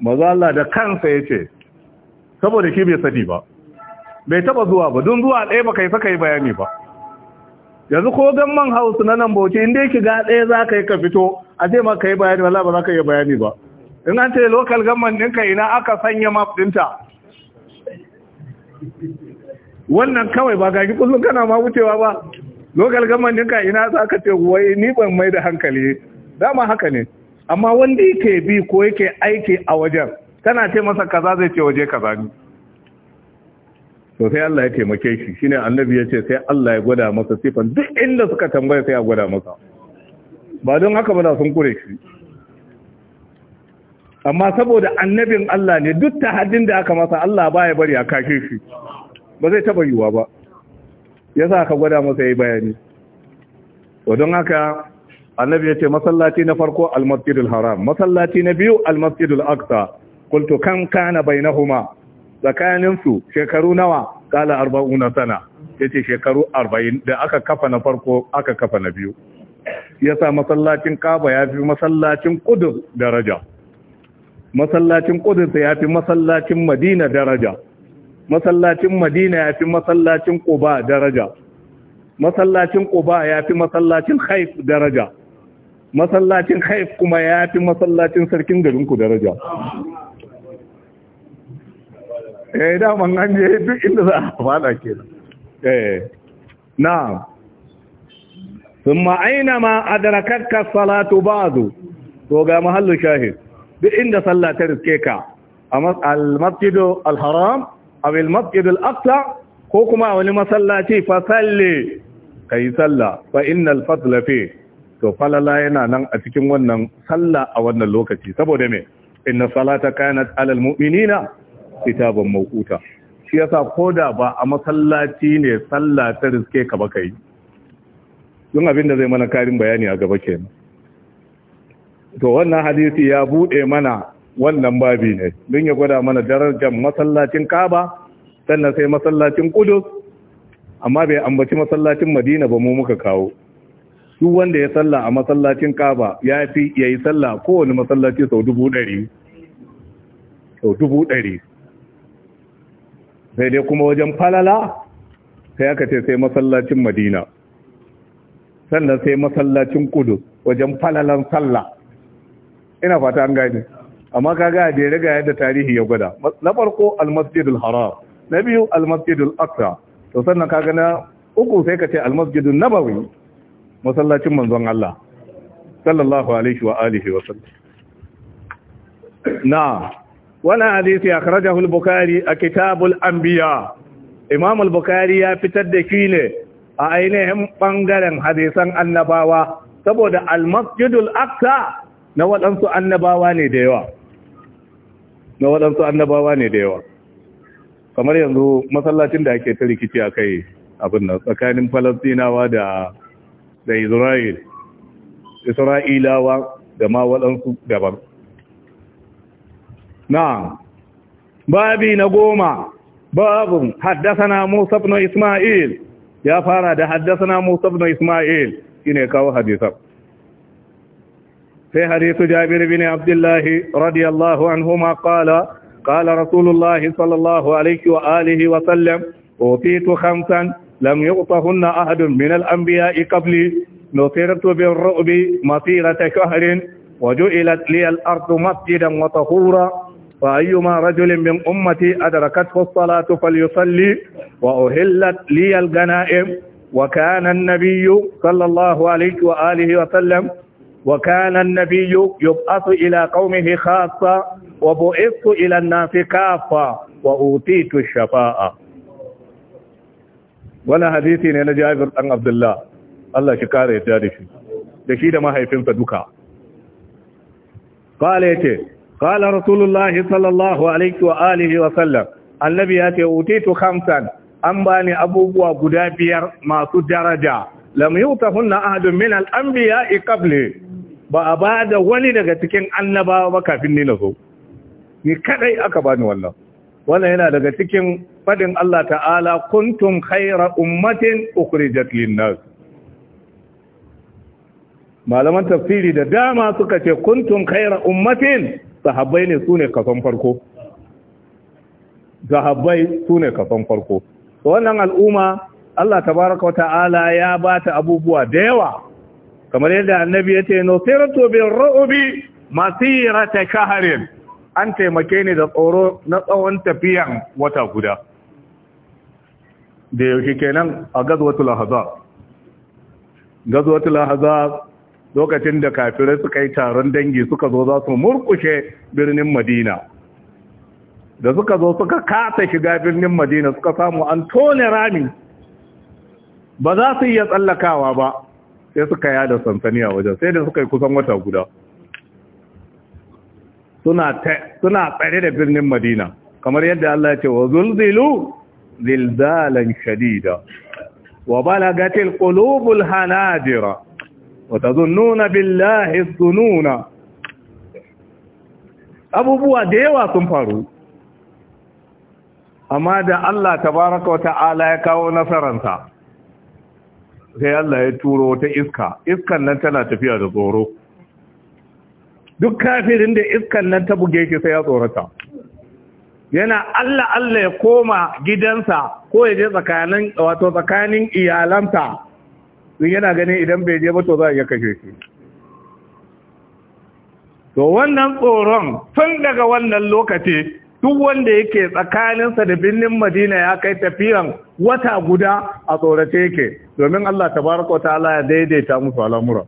maza Allah da kansa ya ce saboda shi bai sadi ba bai taba zuwa ba don zuwa ɗaya ba kai saka yi bayani ba yanzu ko gan man hausu na nan bauchi inda yake ga ɗaya za ka yi ka fito a ce ma ka yi bayani wala ba za ka yi bayani ba in an ce lokal government ɗinka ina aka sanya map ɗinta wannan kawai ba gagi kullum kana ma wucewa ba lokal gaman ka ina za ka ce wai ni ban mai da hankali dama haka ne amma wanda yake bi ko yake aiki a wajen kana ce masa kaza zai ce waje kaza ne to sai Allah ya taimake shi shine annabi ya ce sai Allah ya gwada masa sifan duk inda suka tambaya sai ya gwada masa ba don haka ba da sun kure shi amma saboda annabin Allah ne duk ta hadin da aka masa Allah baya bari a kashe shi ba zai taba yiwa ba ya sa ka gwada masa ya yi bayani don haka annabi ya ce masallaci na farko almasjidul haram masallaci na biyu almasjidul aqsa qultu kam kana bainahuma tsakanin su shekaru nawa kala 40 sana yace shekaru 40 da aka kafa na farko aka kafa na biyu yasa masallacin kaba fi masallacin Kudus daraja masallacin Kudus ya fi masallacin madina daraja masallacin madina ya fi masallacin ƙuba daraja masallacin ƙuba ya fi masallacin haif daraja masallacin haif kuma ya fi masallacin sarkin garinku daraja eh daman an je duk inda za a fada ke eh, na sun ma'aina ma darakakka salatu zu to ga mahallin shahid duk inda sallah ta riske ka a al-masjidu al-haram a wil masjidul aqsa ko kuma a wani masallaci fa salli kai sallah fa innal fadla fi to falala yana nan a cikin wannan salla a wannan lokaci saboda me inna salata kanat alal mu'minina kitaban mawquta shi yasa koda ba a masallaci ne sallah ta riske ka ba kai don abin da zai mana karin bayani a gaba kenan to wannan hadisi ya bude mana wannan babi ne don ya gwada mana darajar masallacin kaba sannan sai masallacin kudus amma bai ambaci masallacin madina ba mu muka kawo duk wanda ya salla a masallacin kaba ya fi ya yi salla kowane masallaci sau dubu ɗari sau dubu ɗari sai dai kuma wajen falala sai aka ce sai masallacin madina sannan sai masallacin kudus wajen falalan sallah ina fata an gani amma kaga bai riga yadda tarihi ya gwada na farko almasjidul haram na biyu almasjidul aqsa to sannan kaga na uku sai ka ce almasjidun nabawi masallacin manzon Allah sallallahu alaihi wa alihi wa sallam na wala hadisi akhrajahu al-bukhari a kitabul anbiya imam al-bukhari ya fitar da shi ne a ainihin bangaren hadisan annabawa saboda al-masjidul aqsa na waɗansu annabawa ne da yawa na waɗansu annabawa ne da yawa kamar yanzu masallacin da ake ta rikici a kai abin nan tsakanin falastinawa da isra'il isra'ilawa da ma waɗansu daban na babi na goma babin haddasa musa isma'il ya fara da Haddasana musa ismail isma'il shine kawo hadisar في حديث جابر بن عبد الله رضي الله عنهما قال قال رسول الله صلى الله عليه وآله وسلم أوتيت خمسا لم يعطهن أحد من الأنبياء قبلي نصرت بالرؤب مصيرة شهر وجعلت لي الأرض مسجدا وطهورا فأيما رجل من أمتي أدركته الصلاة فليصلي وأهلت لي الغنائم وكان النبي صلى الله عليه وآله وسلم وكان النبي يبعث إلى قومه خاصة وبعثت إلى الناس كافة وأوتيت الشفاء ولا حديثي نينا جابر بن عبد الله الله شكاره يتاري شي دشي ده ما هيفنسا دوكا قال يتي قال رسول الله صلى الله عليه وآله وسلم النبي ياتي أوتيت خمسا an ba ni abubuwa guda biyar masu daraja lam yutahunna ahadun min al-anbiya'i qabli ba a ba da wani daga cikin annabawa ba kafin ni na zo ni kadai aka bani wannan wannan yana daga cikin fadin Allah ta'ala kuntum khayra ummatin ukhrijat lin-nas malaman tafsiri da dama suka ce kuntum khayra ummatin sahabbai ne sune kafan farko sahabbai sune kasan farko wannan al'umma Allah tabaraka wa ta'ala ya bata abubuwa da yawa kamar yadda annabi ya ce siratu bil ru'bi masirata shahrin an taimake ni da tsoro na tsawon tafiyan wata guda da yaushe kenan a gazwatul ahzab gazwatul ahzab lokacin da kafirai suka yi taron dangi suka zo za su murkushe birnin madina da suka zo suka kasa shiga birnin madina suka samu an tone rami ba za su iya tsallakawa ba sai suka yada sansani a wajen sai da suka yi kusan wata guda suna tsare da birnin madina kamar yadda Allah ce wa zulzilu zilzalan shadida wa balagatil qulubul hanajira wa tazunnuna billahi dhununa abubuwa da yawa sun faru amma da Allah tabaraka wa ta'ala ya kawo nasararsa sai Allah ya turo ta iska iskan nan tana tafiya da tsoro duk kafirin da iskan nan ta buge shi sai ya tsorata yana Allah Allah ya koma gidansa ko ya je tsakanin wato tsakanin iyalanta din yana ganin idan bai je ba to za a iya kashe shi to wannan tsoron tun daga wannan lokaci duk wanda yake tsakaninsa da birnin madina ya kai tafiyan wata guda a tsorace yake domin Allah tabaraka wa ta'ala ya daidaita musu al'amura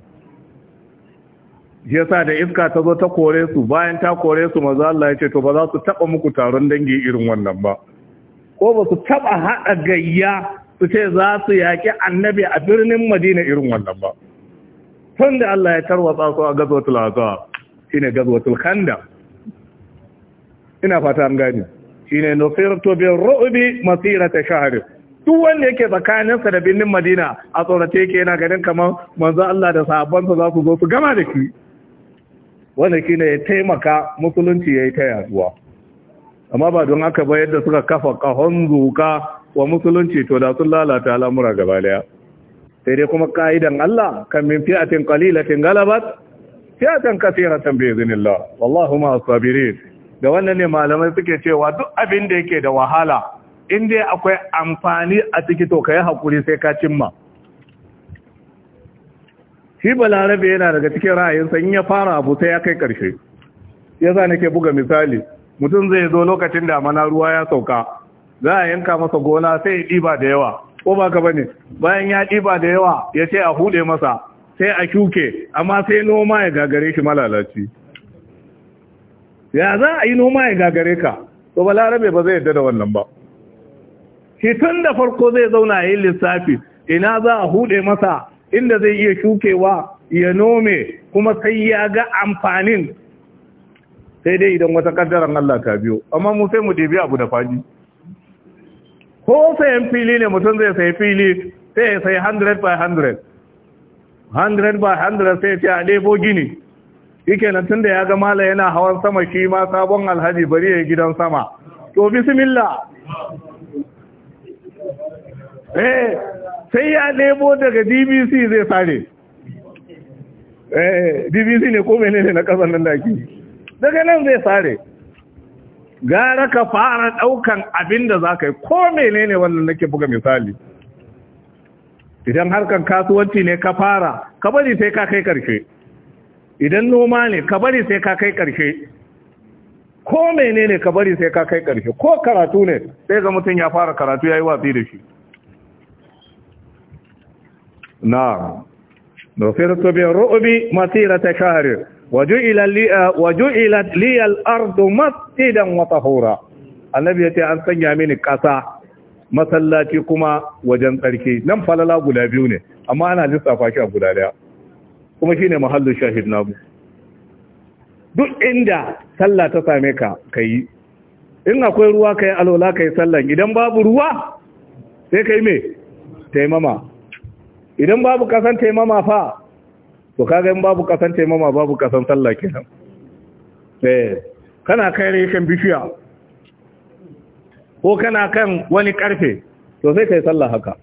yasa da iska ta zo ta kore su bayan ta kore su maza Allah ya ce to ba za su taba muku taron dangi irin wannan ba ko ba su taba hada gayya su ce za su yaƙi annabi a birnin Madina irin wannan ba tun da Allah ya tarwatsa su a gazwatul azab shine gazwatul khanda ina fata an gane shine nufirtu bir ru'bi masirata shahr duk wanda yake tsakaninsa da birnin madina a tsorace yake yana ganin kamar manzo Allah da sahabbansa za su zo su gama da shi wanda shi ne ya taimaka musulunci ya yi ta yaduwa amma ba don haka ba yadda suka kafa kahon zuka wa musulunci to da sun lalata al'amura gaba daya sai dai kuma ka'idan Allah kan min fi'atin qalilatin galabat fi'atan kathiratan bi idhnillah wallahu ma sabirin da wannan ne malamai suke cewa duk abin da yake da wahala in dai akwai amfani a ciki to ka yi haƙuri sai ka cimma shi balarabe yana daga cikin ra'ayinsa in ya fara abu sai ya kai ƙarshe ya sa nake buga misali mutum zai zo lokacin damana ruwa ya sauka za a yanka masa gona sai ya ɗiba da yawa ko ba ka bane bayan ya ɗiba da yawa ya ce a huɗe masa sai a shuke amma sai noma ya gagare shi malalaci ya za a yi noma ya gagare ka to balarabe ba zai yarda da wannan ba shi tun da farko zai zauna yi lissafi ina za a hude masa inda zai iya shukewa ya nome kuma sai ya ga amfanin sai dai idan wata kaddaran Allah ta biyo amma mu sai mu debi abu da faji ko sayan fili ne mutum zai sayi fili sai ya sayi 100 by 100 100 by 100 sai ya ce a gini yake na tun da ya ga mala yana hawan sama shi ma sabon alhaji bari ya gidan sama to bismillah eh sai ya nemo daga dbc zai sare eh dbc ne ko menene na kasan nan daki daga nan zai sare gara ka fara daukan abin da za ka yi ko menene wannan nake buga misali idan harkan kasuwanci ne ka fara ka bari sai ka kai karshe idan noma ne ka bari sai ka kai karshe ko menene ka bari sai ka kai karshe ko karatu ne sai ga mutum ya fara karatu ya yi watsi da shi na'am nusirtu bi ru'bi ta shahr waju'ila li waju'ilat li al-ardu masjidan wa tahura annabi yace an sanya mini kasa masallaci kuma wajen tsarki nan falala guda biyu ne amma ana lissafa shi a guda kuma shine mahallu shahid namu duk inda sallah ta same ka kai in akwai ruwa kai alola yi sallan idan babu ruwa sai kai mai taimama idan babu kasan taimama fa to kaga in babu kasan taimama babu kasan sallah kenan eh kana kai ne kan bishiya ko kana kan wani karfe to sai kai sallah haka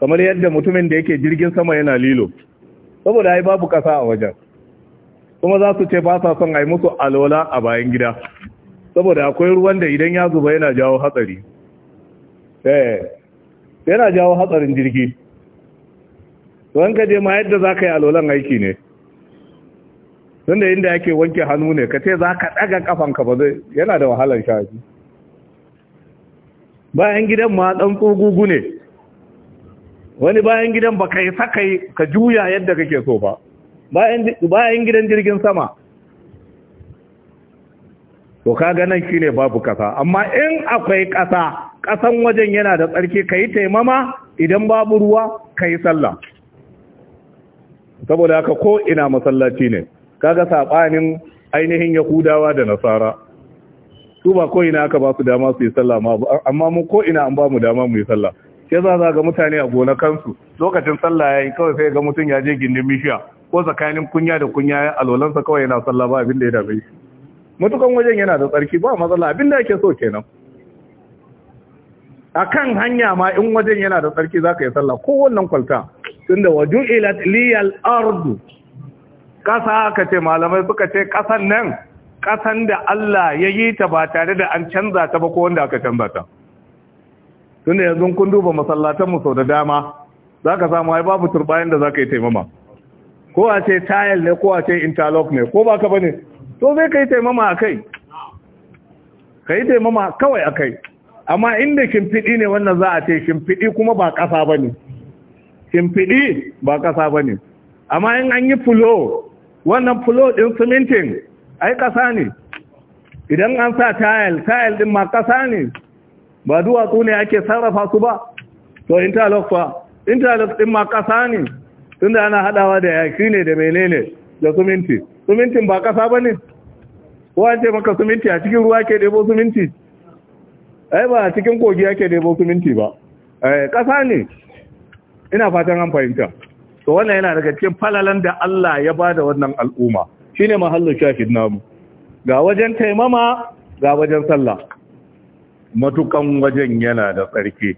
kamar yadda mutumin da yake jirgin sama yana lilo saboda ai babu kasa a wajen kuma za su ce ba sa son ai musu alola a bayan gida saboda akwai ruwan da idan ya zuba yana jawo hatsari eh yana jawo hatsarin jirgi don ka je ma yadda za ka yi alolan aiki ne don da inda yake wanke hannu ne ka ce za ka ɗaga ƙafanka ba zai yana da wahalar shafi bayan gidan ma ɗan tsogugu ne wani bayan gidan ba ka yi sakai ka juya yadda kake so ba bayan gidan jirgin sama to ka ganin nan ne babu ƙasa, amma in akwai ƙasa, ƙasan wajen yana da tsarki ka yi taimama idan babu ruwa ka yi sallah saboda haka ko ina masallaci ne kaga sabanin ainihin yahudawa da nasara su ba ko ina aka ba su dama su yi sallah amma mu ko ina an ba mu dama mu yi sallah sai za za ga mutane a gonakansu lokacin sallah yayi kawai sai ga mutum ya je gindin mishiya, ko tsakanin kunya da kunya ya alwalansa kawai yana sallah ba abin da ya dame shi mutukan wajen yana da tsarki ba matsala abin da yake so kenan akan hanya ma in wajen yana da tsarki zaka yi sallah ko wannan kwalta tunda waju ilat liyal ardu kasa aka ce malamai suka ce kasan nan kasan da Allah ya yi ta ba tare da an canza ta ba ko wanda aka canza ta tunda yanzu kun duba masallatan mu sau da dama zaka samu ai babu turbayan da zaka yi taimama ko a ce tile ne ko a ce interlock ne ko baka bane to zai kai taimama akai kai taimama kawai akai amma inda shimfiɗi ne wannan za a ce shimfiɗi kuma ba ƙasa bane shimfiɗi ba ƙasa ba ne amma in an yi fulo wannan fulo ɗin simintin ai ƙasa ne idan an sa tayal tayal ɗin ma ƙasa ne ba duwatsu ne ake sarrafa su ba to interlock fa interlock ɗin ma ƙasa ne tunda ana haɗawa da yaƙi ne da menene da siminti simintin ba ƙasa ba ne ko an ce maka siminti a cikin ruwa ke ɗebo siminti ai ba a cikin kogi ake ɗebo siminti ba eh, ƙasa ne ina fatan an fahimta to wannan yana daga cikin falalan da Allah ya bada wannan al'umma shine mahallin shafi namu ga wajen taimama ga wajen sallah matukan wajen yana da tsarki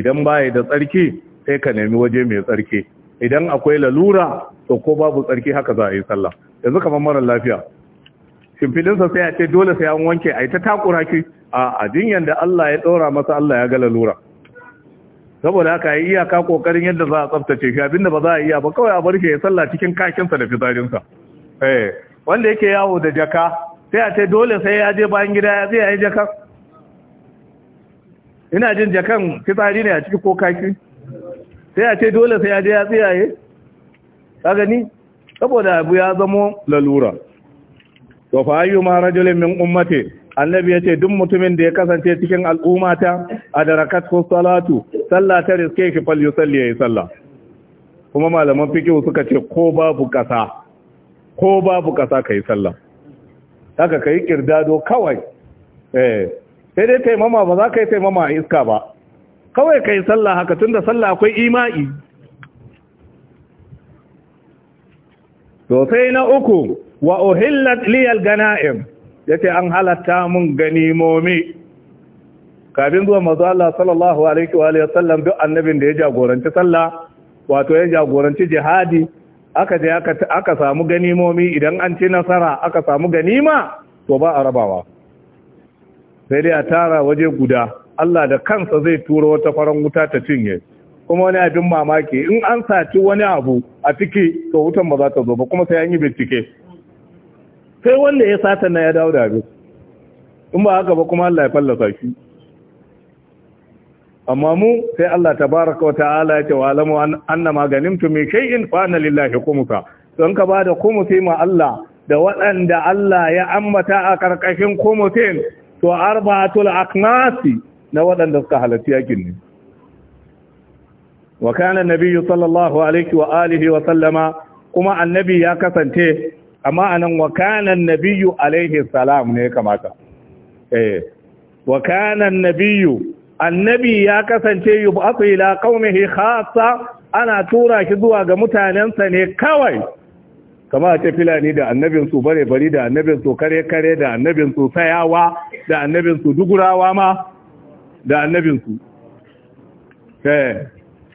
idan baya da tsarki sai ka nemi waje mai tsarki idan akwai lalura to ko babu tsarki haka za a yi sallah yanzu kamar mara lafiya sa sai a ce dole sai an wanke a yi ta takura ki a ajin da Allah ya ɗora masa Allah ya ga lalura saboda haka yi iyaka kokarin yadda za a tsaftace shi abinda ba za a iya ba kawai a barke ya sallah cikin kakinsa da fitsarinsa eh wanda yake yawo da jaka sai a ce dole sai ya je bayan gida ya zai yi jaka ina jin jakan fitari ne a ciki ko kaki sai a ce dole sai ya je ya tsiyaye ka gani saboda abu ya zamo lalura to fa ayyuma ma rajulin min ummati annabi ya ce duk mutumin da ya kasance cikin al'ummata a darakat ko salatu sallah ta riske shi fal yusalli yayi sallah kuma malaman fiqh suka ce ko babu kasa ko babu kasa kai sallah haka kai kirdado kawai eh sai dai kai mama ba za ka yi sai mama a iska ba kawai kai sallah haka tunda sallah akwai imani to sai na uku wa uhillat liyal ganaim ya ce an halatta mun ganimomi kafin zuwa mazu Allah sallallahu alaihi wa sallam duk annabin da ya jagoranci sallah wato ya jagoranci jihadi aka je aka samu ganimomi idan an ci nasara aka samu ganima to ba a rabawa sai dai a tara waje guda Allah da kansa zai turo wata faran wuta ta cinye kuma wani abin mamaki in an saci wani abu a ciki to wutan ba za ta zo ba kuma sai an yi bincike sai wanda ya satan na ya dawo da abin in ba haka ba kuma Allah ya fallasa shi amma mu sai Allah tabaraka wa ta'ala ya ce wa alamu annama ganimtu min shay'in fa anna lillahi khumsa don ka bada khumsi ma Allah da waɗanda Allah ya ammata a karkashin khumsin to arba'atul aqnasi na waɗanda suka halarci yakin ne wa kana nabiyyu sallallahu alaihi wa alihi wa sallama kuma annabi ya kasance amma anan wa kana nabiyyu alaihi salam ne kamata eh wa kana nabiyyu annabi ya kasance yub'athu ila qaumihi khassa ana tura shi zuwa ga mutanensa ne kawai kama a ce filani da annabinsu bare bari da annabinsu kare-kare da annabinsu sayawa da annabinsu dugurawa ma da annabinsu eh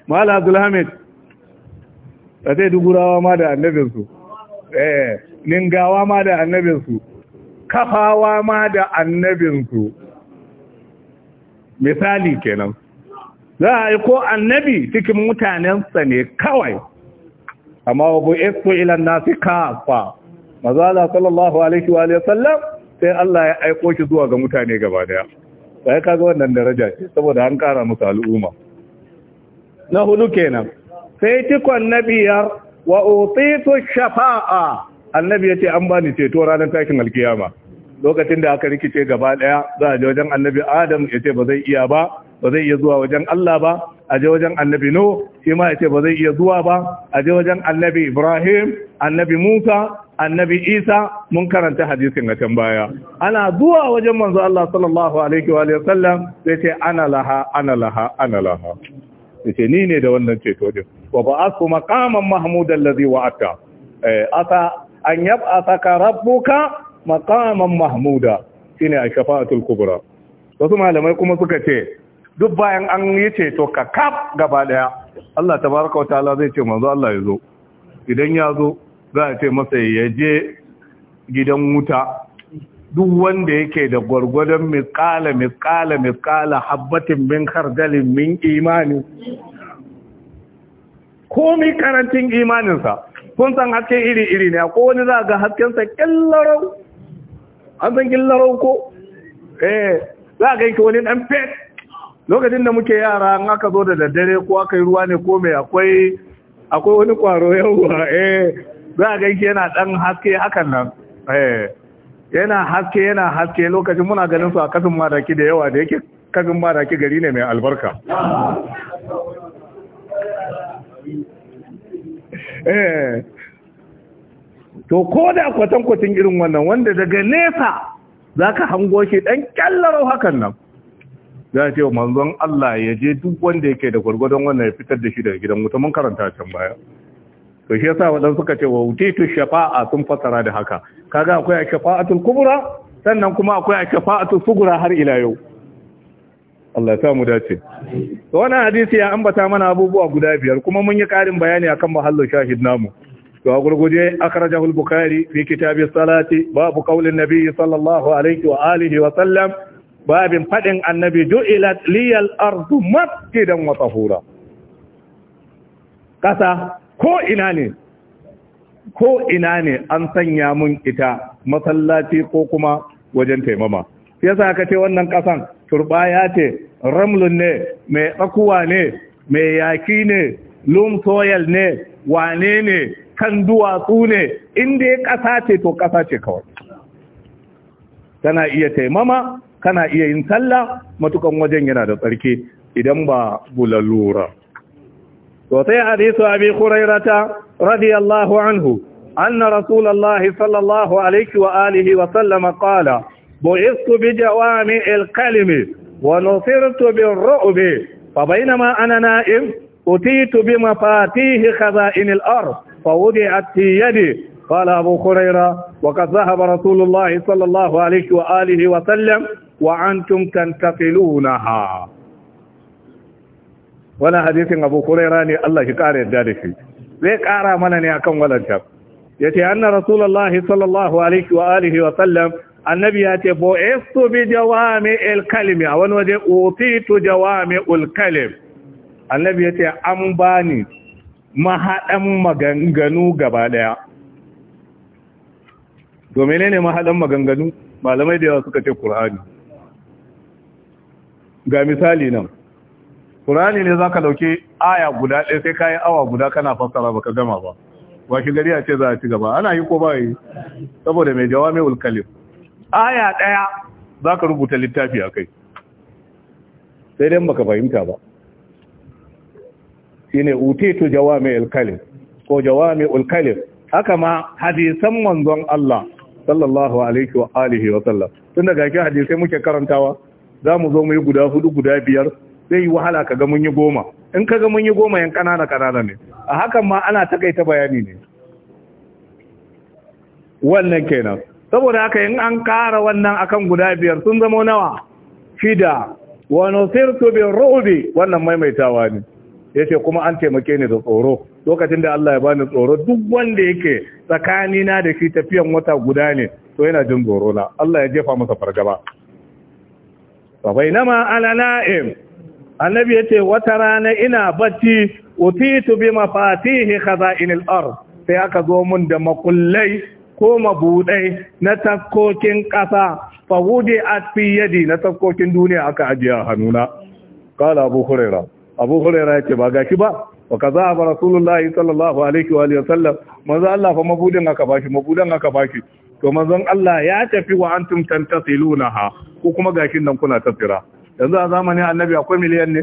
mala abdulhamid ta dugurawa ma da annabinsu eh ningawa ma da annabinsu kafawa ma da annabinsu misali kenan za a yi ko annabi cikin mutanensa ne kawai amma wabu esko ilan nasi kafa mazala sallallahu alaihi wa sallam sai Allah ya aiko shi zuwa ga mutane gaba daya sai kaga wannan daraja ce saboda an kara musu al'umma na hudu kenan sai tikon na biyar wa utitu shafa'a annabi ya ce an bani ceto ranar takin alkiyama lokacin da aka rikice gaba daya za a je wajen annabi adam ya ce ba zai iya ba ba zai iya zuwa wajen Allah ba a je wajen annabi no shi ma ya ce ba zai iya zuwa ba a je wajen annabi ibrahim annabi musa annabi isa mun karanta hadisin a can baya ana zuwa wajen manzo Allah sallallahu alaihi wa sallam sai ce ana laha ana laha ana laha yace ni ne da wannan ceto din wa ba'athu maqaman mahmudan ladhi wa'ata eh, asa an yab'athaka rabbuka Makaman mahmuda shine a shafa'atul kubra wasu malamai kuma suka ce duk bayan an yi ceto ka kaf gaba daya Allah tabaraka wa ta'ala zai ce manzo Allah ya zo idan ya zo za a ce masa ya je gidan wuta duk wanda yake da gwargwadon miskala miskala miskala habbatin min kardalin min imani komi karantin imaninsa kun san haske iri-iri ne ko wani za ga haskensa killarau an san killarau ko eh za ga yake wani dan fet lokacin da muke yara an aka zo da daddare ko aka yi ruwa ne ko mai akwai akwai wani kwaro yawwa eh za ga yake yana dan haske hakan nan eh yana haske yana haske lokacin muna ganin su a kasin madaki da yawa da yake kasin madaki gari ne mai albarka Eh. to ko da kwatankwacin irin wannan wanda daga nesa za ka hango shi ɗan kyallaro hakan nan za ce manzon Allah ya je duk wanda yake da gwargwadon wannan ya fitar da shi daga gidan wuta mun karanta can baya to shi yasa wadan suka ce wa wutitu shafa'a sun fasara da haka kaga akwai shafa'atul kubra sannan kuma akwai shafa'atul sugura har ila yau Allah ta mu dace to wannan hadisi ya ambata mana abubuwa guda biyar kuma mun yi karin bayani akan mahallin shahid namu to a gurguje akhrajahu al-bukhari fi kitab as-salati babu an-nabi sallallahu alaihi wa alihi wa sallam babin fadin annabi ju'ilat liyal ardu masjidan wa tahura kasa ko ina ne ko ina ne an sanya mun ita masallaci ko kuma wajen taimama yasa ka ce wannan kasan turbaya ce ramlun ne mai akuwa ne mai yaki ne loam soil ne wane ne kan duwatsu ne inda ya ƙasa ce to ƙasa ce kawai Kana iya taimama kana iya yin sallah matukan wajen yana da tsarki idan ba bulalura to sai hadisu abi hurairata radiyallahu anhu anna rasulullahi sallallahu alaihi wa alihi wa sallama qala بعثت بجوامع الكلم ونصرت بالرعب فبينما أنا نائم أتيت بمفاتيح خزائن الأرض فوضعت في يدي قال أبو هريرة وقد ذهب رسول الله صلى الله عليه وآله وسلم وأنتم تنتقلونها ولا حديث أبو هريره الله Allah ذلك ƙara yadda da shi zai ƙara أن ne الله walancan الله ce anna rasulallah sallallahu alaihi annabi ya ce bo estu bi jawami kalimi a wani waje utitu jawami kalim annabi ya ce an bani mahaɗan maganganu gaba ɗaya domin ne mahaɗan maganganu malamai da yawa suka ce ƙur'ani ga misali nan ƙur'ani ne za ka ɗauki aya guda ɗaya sai kayan awa guda kana fassara ba ka gama ba washe gari a ce za a ci gaba ana yi ko ba yi saboda mai jawami ulkalim aya ɗaya za ka rubuta littafi a kai sai dai baka fahimta ba shi ne utetu mai alkalim ko mai alkalim haka ma hadisan manzon Allah sallallahu alaihi wa alihi wa sallam tun daga ke hadisai muke karantawa za mu zo mu yi guda hudu guda biyar zai yi wahala ka ga mun yi goma in ka ga mun yi goma yan kanana kanana ne a hakan ma ana takaita bayani ne wannan kenan saboda haka yin an kara wannan akan guda biyar sun zama nawa shida wa nusirtu bi ru'bi wannan maimaitawa ne yace kuma an taimake ni da tsoro lokacin da Allah ya bani tsoro duk wanda yake tsakani na da shi tafiyan wata guda ne to yana jin tsoro na Allah ya jefa masa fargaba Babai bainama ala na'im annabi yace wata rana ina bacci utitu bi mafatihi khaza'inil ard sai aka zo mun da makullai ko mabuɗai na tafkokin ƙasa fa a at fi yadi na tafkokin duniya aka ajiye a hannuna qala abu huraira abu huraira ce ba gashi ba wa a ba rasulullahi sallallahu alaihi wa sallam manzo Allah fa mabudin aka bashi mabudin aka bashi to mazan Allah ya tafi wa antum ha ko kuma gashin nan kuna tafira yanzu a zamanin annabi akwai miliyan ne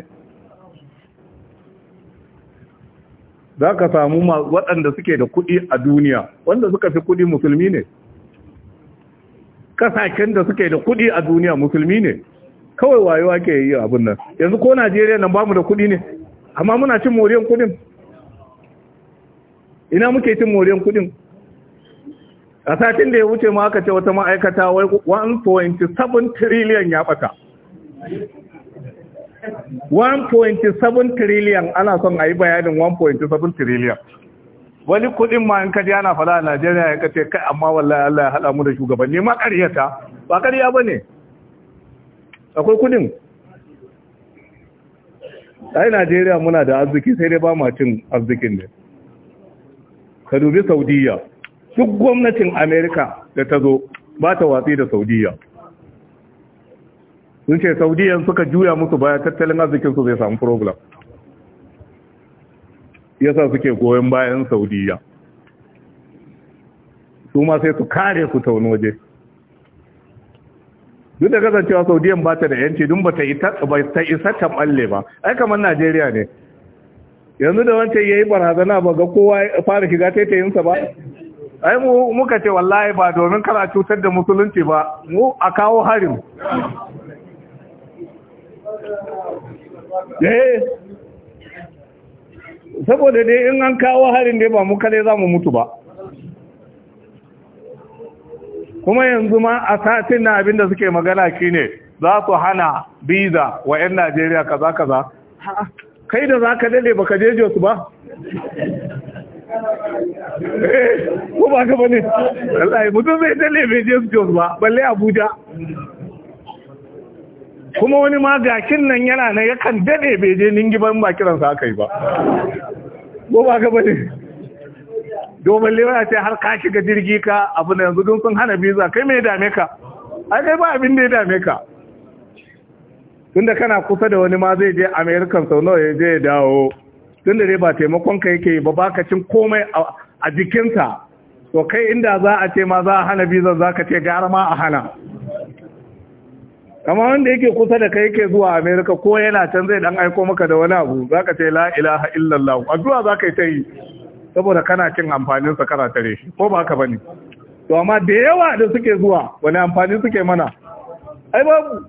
za ka samu waɗanda suke da kuɗi a duniya wanda suka fi kuɗi musulmi ne kasashen da suke da kuɗi a duniya musulmi ne kawai wayewa ke yi abin nan yanzu ko najeriya nan ba mu da kuɗi ne amma muna cin moriyan kuɗin ina muke cin moriyan kuɗin a satin da ya wuce ma aka ce wata ma'aikata wai 1.7 trillion ya ɓata 1.7 trillion ana son a yi bayanin 1.7 trillion wani kudin ma in ka ji ana fada a Najeriya ya kace kai amma wallahi Allah ya hada mu da shugabanni ma ƙaryata ba ƙarya bane akwai kudin ai Najeriya muna da arziki sai dai ba mu cin arzikin ne ka dubi Saudiya duk gwamnatin America da ta zo ba ta watsi da Saudiya sun ce saudiyan suka juya musu baya tattalin arzikinsu zai samu problem yasa suke goyon bayan saudiya su ma sai su kare su ta wani waje duk da kasancewa saudiyan ba ta da yanci dun ba ta isa ta malle ba ai kamar najeriya ne yanzu da wancan ya yi barazana ba ga kowa ya fara shiga taitayinsa ba ai muka ce wallahi ba domin kana cutar da musulunci ba mu a kawo harin Eh. saboda dai in an kawo harin dai ba mu dai za mu mutu ba kuma yanzu ma a satin na abinda suke magana shine za su hana biza wa 'yan najeriya kaza kaza kai da za ka dade baka je jos ba eh, ko ba ka bane wallahi mutum zai dade bai je jos ba balle abuja kuma wani ma gakin nan yana na yakan dade bai je ningiban ban ba kiransa aka yi ba ko ba ka ne domin lewa ce har ka shiga jirgi ka abu na yanzu sun hana biza kai mai dame ka ai kai ba abin da ya dame ka tunda kana kusa da wani ma zai je amerikan sau nawa ya je ya dawo tunda dai ba taimakon ka yake yi ba baka cin komai a jikinsa to kai inda za a ce ma za a hana biza za ka ce gara ma a hana kama wanda yake kusa da kai yake zuwa Amerika, ko yana can zai dan aiko maka da wani abu zaka ce la ilaha illallah addu'a zaka yi ta yi saboda kana cin amfanin sa kana tare shi ko ba haka bane to amma da yawa da suke zuwa wani amfani suke mana ai babu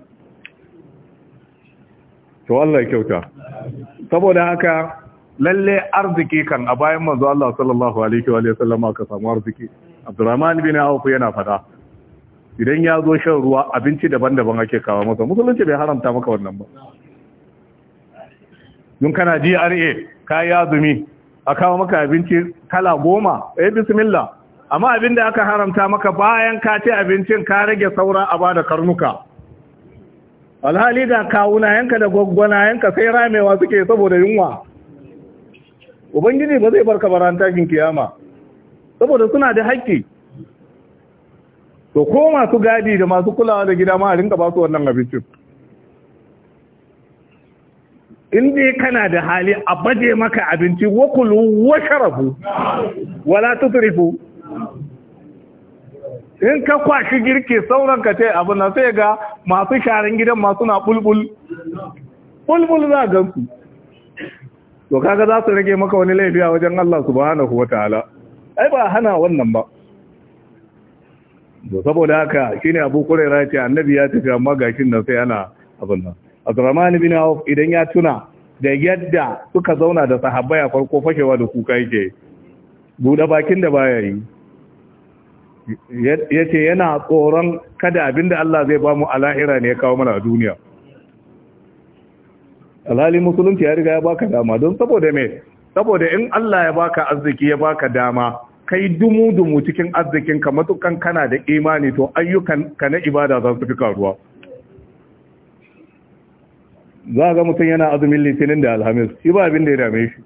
to Allah ya kyauta saboda haka lalle arziki kan a bayan manzo Allah sallallahu alaihi wa sallama ka samu arziki Abdurrahman bin Auf yana fada idan ya zo shan ruwa abinci daban-daban ake kawo masa musulunci bai haramta maka wannan ba yun kana GRA ka yi azumi a kawo maka abinci kala goma yi eh, bismillah amma abin da aka haramta maka bayan ka ce abincin ka rage saura a bada karnuka alhali da kawuna yanka da gwaggwana yanka sai ramewa suke saboda yunwa ubangiji ba zai barka baran takin kiyama saboda suna da haƙƙi to ko masu gadi da masu kulawa da gida ma a rinka ba su wannan abincin in dai kana da hali a baje maka abinci wakulu wa sharafu. wala tutrifu in ka kwashi girki sauran ka ce abu na sai ga masu sharan gidan masu na bulbul bulbul za ga su to kaga za su rage maka wani laifi a wajen Allah subhanahu wataala ai ba hana wannan ba da saboda haka shine Abu Hurairah ce annabi ya tafi amma gashin nan sai ana abin nan Abdurrahman ibn Auf idan ya tuna da yadda suka zauna da sahabbai a farko fashewa da kuka yake Bude bakin da baya yi yace yana tsoron kada abinda Allah zai bamu a lahira ne ya kawo mana a duniya alhali musulunci ya riga ya baka dama don saboda me saboda in Allah ya baka arziki ya baka dama kai dumu-dumu cikin arzikinka matukan kana da imani to ayyukan ka na ibada za su fi karuwa za ga mutum yana azumin litinin da alhamis shi ba abin da ya dame shi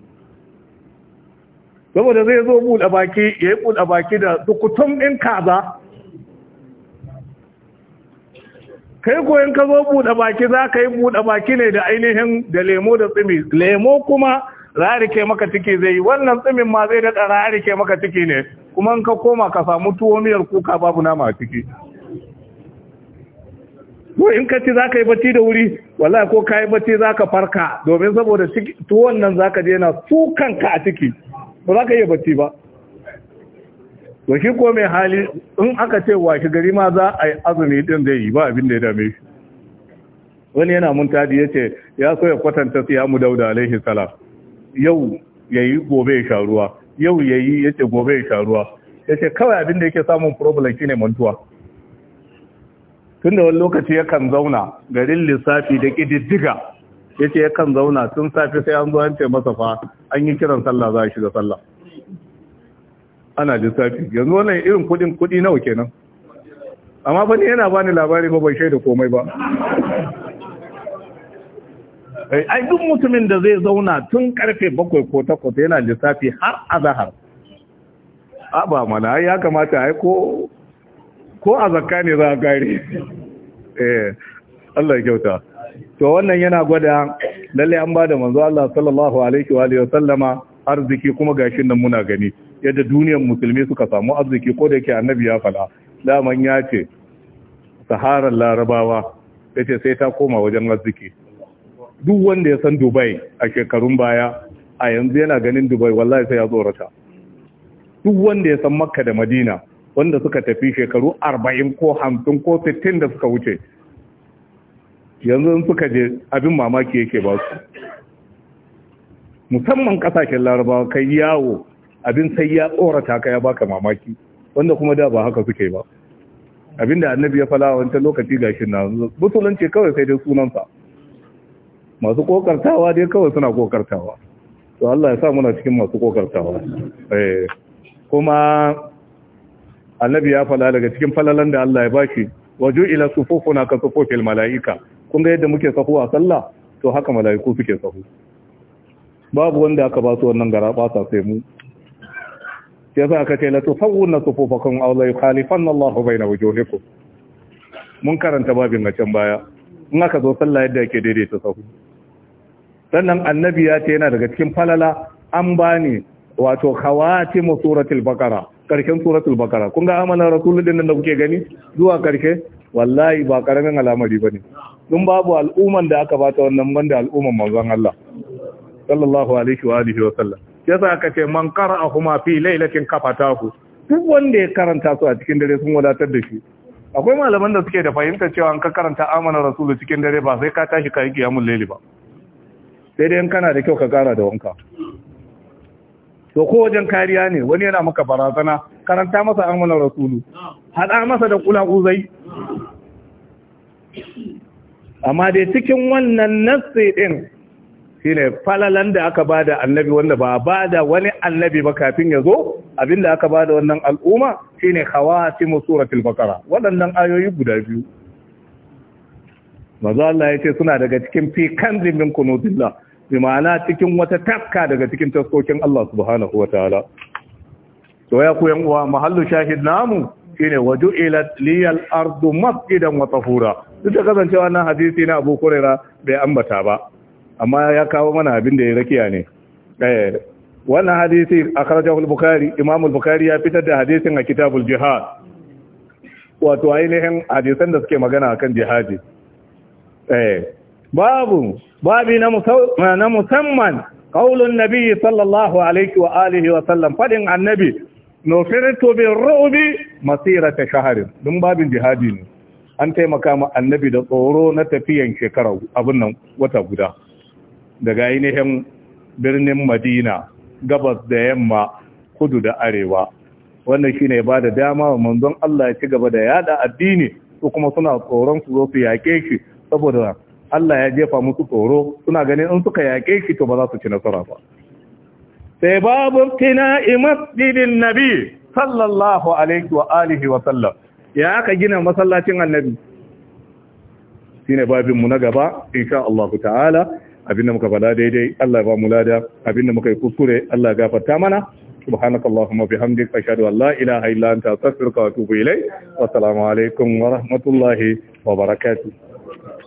saboda zai zo buɗe baki ya yi buɗe baki da dukutun ɗin kaza kai koyon ka zo buɗe baki za ka yi buɗe baki ne da ainihin da lemo da tsimi lemo kuma rarike maka ciki zai yi wannan tsimin ma zai daɗa rarike maka ciki ne kuma in ka koma ka samu tuwo miyar kuka babu nama a ciki Ko in ka ci za ka yi bacci da wuri wallahi ko ka yi bacci za ka farka domin saboda tuwon nan za ka je na ka a ciki ba za ka iya bacci ba to shi ko mai hali in aka ce wa gari ma za a yi azumi din zai yi ba abin da ya dame shi wani yana mun tadi ya ce ya so ya kwatanta mu dauda alaihi salam yau yayi gobe ya sha ruwa yau yayi yace gobe ya sha ruwa yace kawai abin da yake samun problem shine mantuwa tunda wani lokaci yakan zauna garin lissafi da kididdiga yace yakan zauna tun safi sai an zo an ce masa fa an yi kiran sallah za a shiga sallah ana lissafi yanzu wannan irin kudin kudi nawa kenan amma bani yana bani labari ba bai shaida komai ba ai duk mutumin da zai zauna tun karfe bakwai ko takwas yana lissafi har azahar a ba mana ya kamata ai ko ko zakka ne za a kare eh Allah ya kyauta to wannan yana gwada lalle an bada manzo Allah sallallahu alaihi wa alihi sallama arziki kuma gashin nan muna gani yadda duniyar musulmi suka samu arziki ko da yake annabi ya fada daman ya ce saharar larabawa yace sai ta koma wajen arziki duk wanda ya san dubai a shekarun baya a yanzu yana ganin dubai wallahi sai ya tsorata duk wanda ya san makka da madina wanda suka tafi shekaru arba'in ko hamsin ko sittin da suka wuce yanzu suka je abin mamaki yake ba su musamman kasashen larabawa kai yawo abin sai ya tsorata ka ya baka mamaki wanda kuma da ba haka suke ba abinda annabi ya fala wancan lokaci gashin na musulunci kawai sai dai sunansa masu kokartawa dai kawai suna kokartawa to Allah ya sa muna cikin masu kokartawa eh kuma annabi ya fala daga cikin falalan da Allah ya bashi waju ila sufufuna ka sufufil malaika kun ga yadda muke safu a sallah to haka malaiku suke safu babu wanda aka ba su wannan garaba sai mu yasa aka ce la tusawwuna sufufakum aw la yukhalifanna Allahu bayna wujuhikum mun karanta babin na can baya in aka zo sallah yadda yake daidaita sahu sannan annabi ya ce yana daga cikin falala an bani wato khawatimu suratul baqara karshen suratul bakara kun ga amanar rasulun din da kuke gani zuwa karshe wallahi ba karamin alamari bane dun babu al'umman da aka bata wannan banda al'umman manzon Allah sallallahu alaihi wa alihi wa sallam yasa aka ce man huma fi lailatin kafatahu duk wanda ya karanta su a cikin dare sun wadatar da shi akwai malaman da suke da fahimtar cewa an ka karanta amanar rasulul cikin dare ba sai ka tashi ka yi kiyamul laili ba sai dai kana da kyau ka kara da wanka to ko wajen kariya ne wani yana maka barazana karanta masa amanar rasulu haɗa masa da kula uzai amma dai cikin wannan nassi din shine falalan da aka bada annabi wanda ba da wani annabi ba kafin ya zo abinda aka ba da wannan al'umma shine khawatimu suratul baqara waɗannan ayoyi guda biyu maza Allah yace suna daga cikin fi kanzin kunu kunutillah bi ma'ana cikin wata tafka daga cikin taskokin Allah subhanahu wa ta'ala to ya ku yan uwa mahallu shahid namu shine waju ila liyal ardu masjidan wa tahura duk da kasancewa wannan hadisi na Abu Hurairah bai ambata ba amma ya kawo mana abin da ya rakiya ne eh wannan hadisi akhrajahu al-Bukhari Imam al-Bukhari ya fitar da hadisin a kitabul jihad wato ainihin hadisan da suke magana akan jihadi eh babu babi na musamman qaulun nabi sallallahu alaihi wa alihi wa sallam faɗin annabi nufirtu bin ru'bi masirata shaharin Don babin jihadi ne an taimaka ma annabi da tsoro na tafiyan shekara abin nan wata guda daga ainihin birnin madina gabas da yamma kudu da arewa wannan shine ba da dama wa manzon Allah ya ci gaba da yada addini su kuma suna tsoron su zo su yake shi saboda Allah ya jefa musu tsoro suna ganin in suka yaƙe shi to ba za su ci nasara ba sai babu tina'i masjidin nabi sallallahu alaihi wa alihi wa sallam ya aka gina masallacin annabi shine babin mu na gaba insha Allah ta'ala abinda muka fada daidai Allah ya ba mu lada abinda muka yi kuskure Allah ya gafarta mana subhanakallahumma bihamdik ashhadu an la ilaha illa anta astaghfiruka wa atubu ilayk wa assalamu alaikum wa rahmatullahi wa barakatuh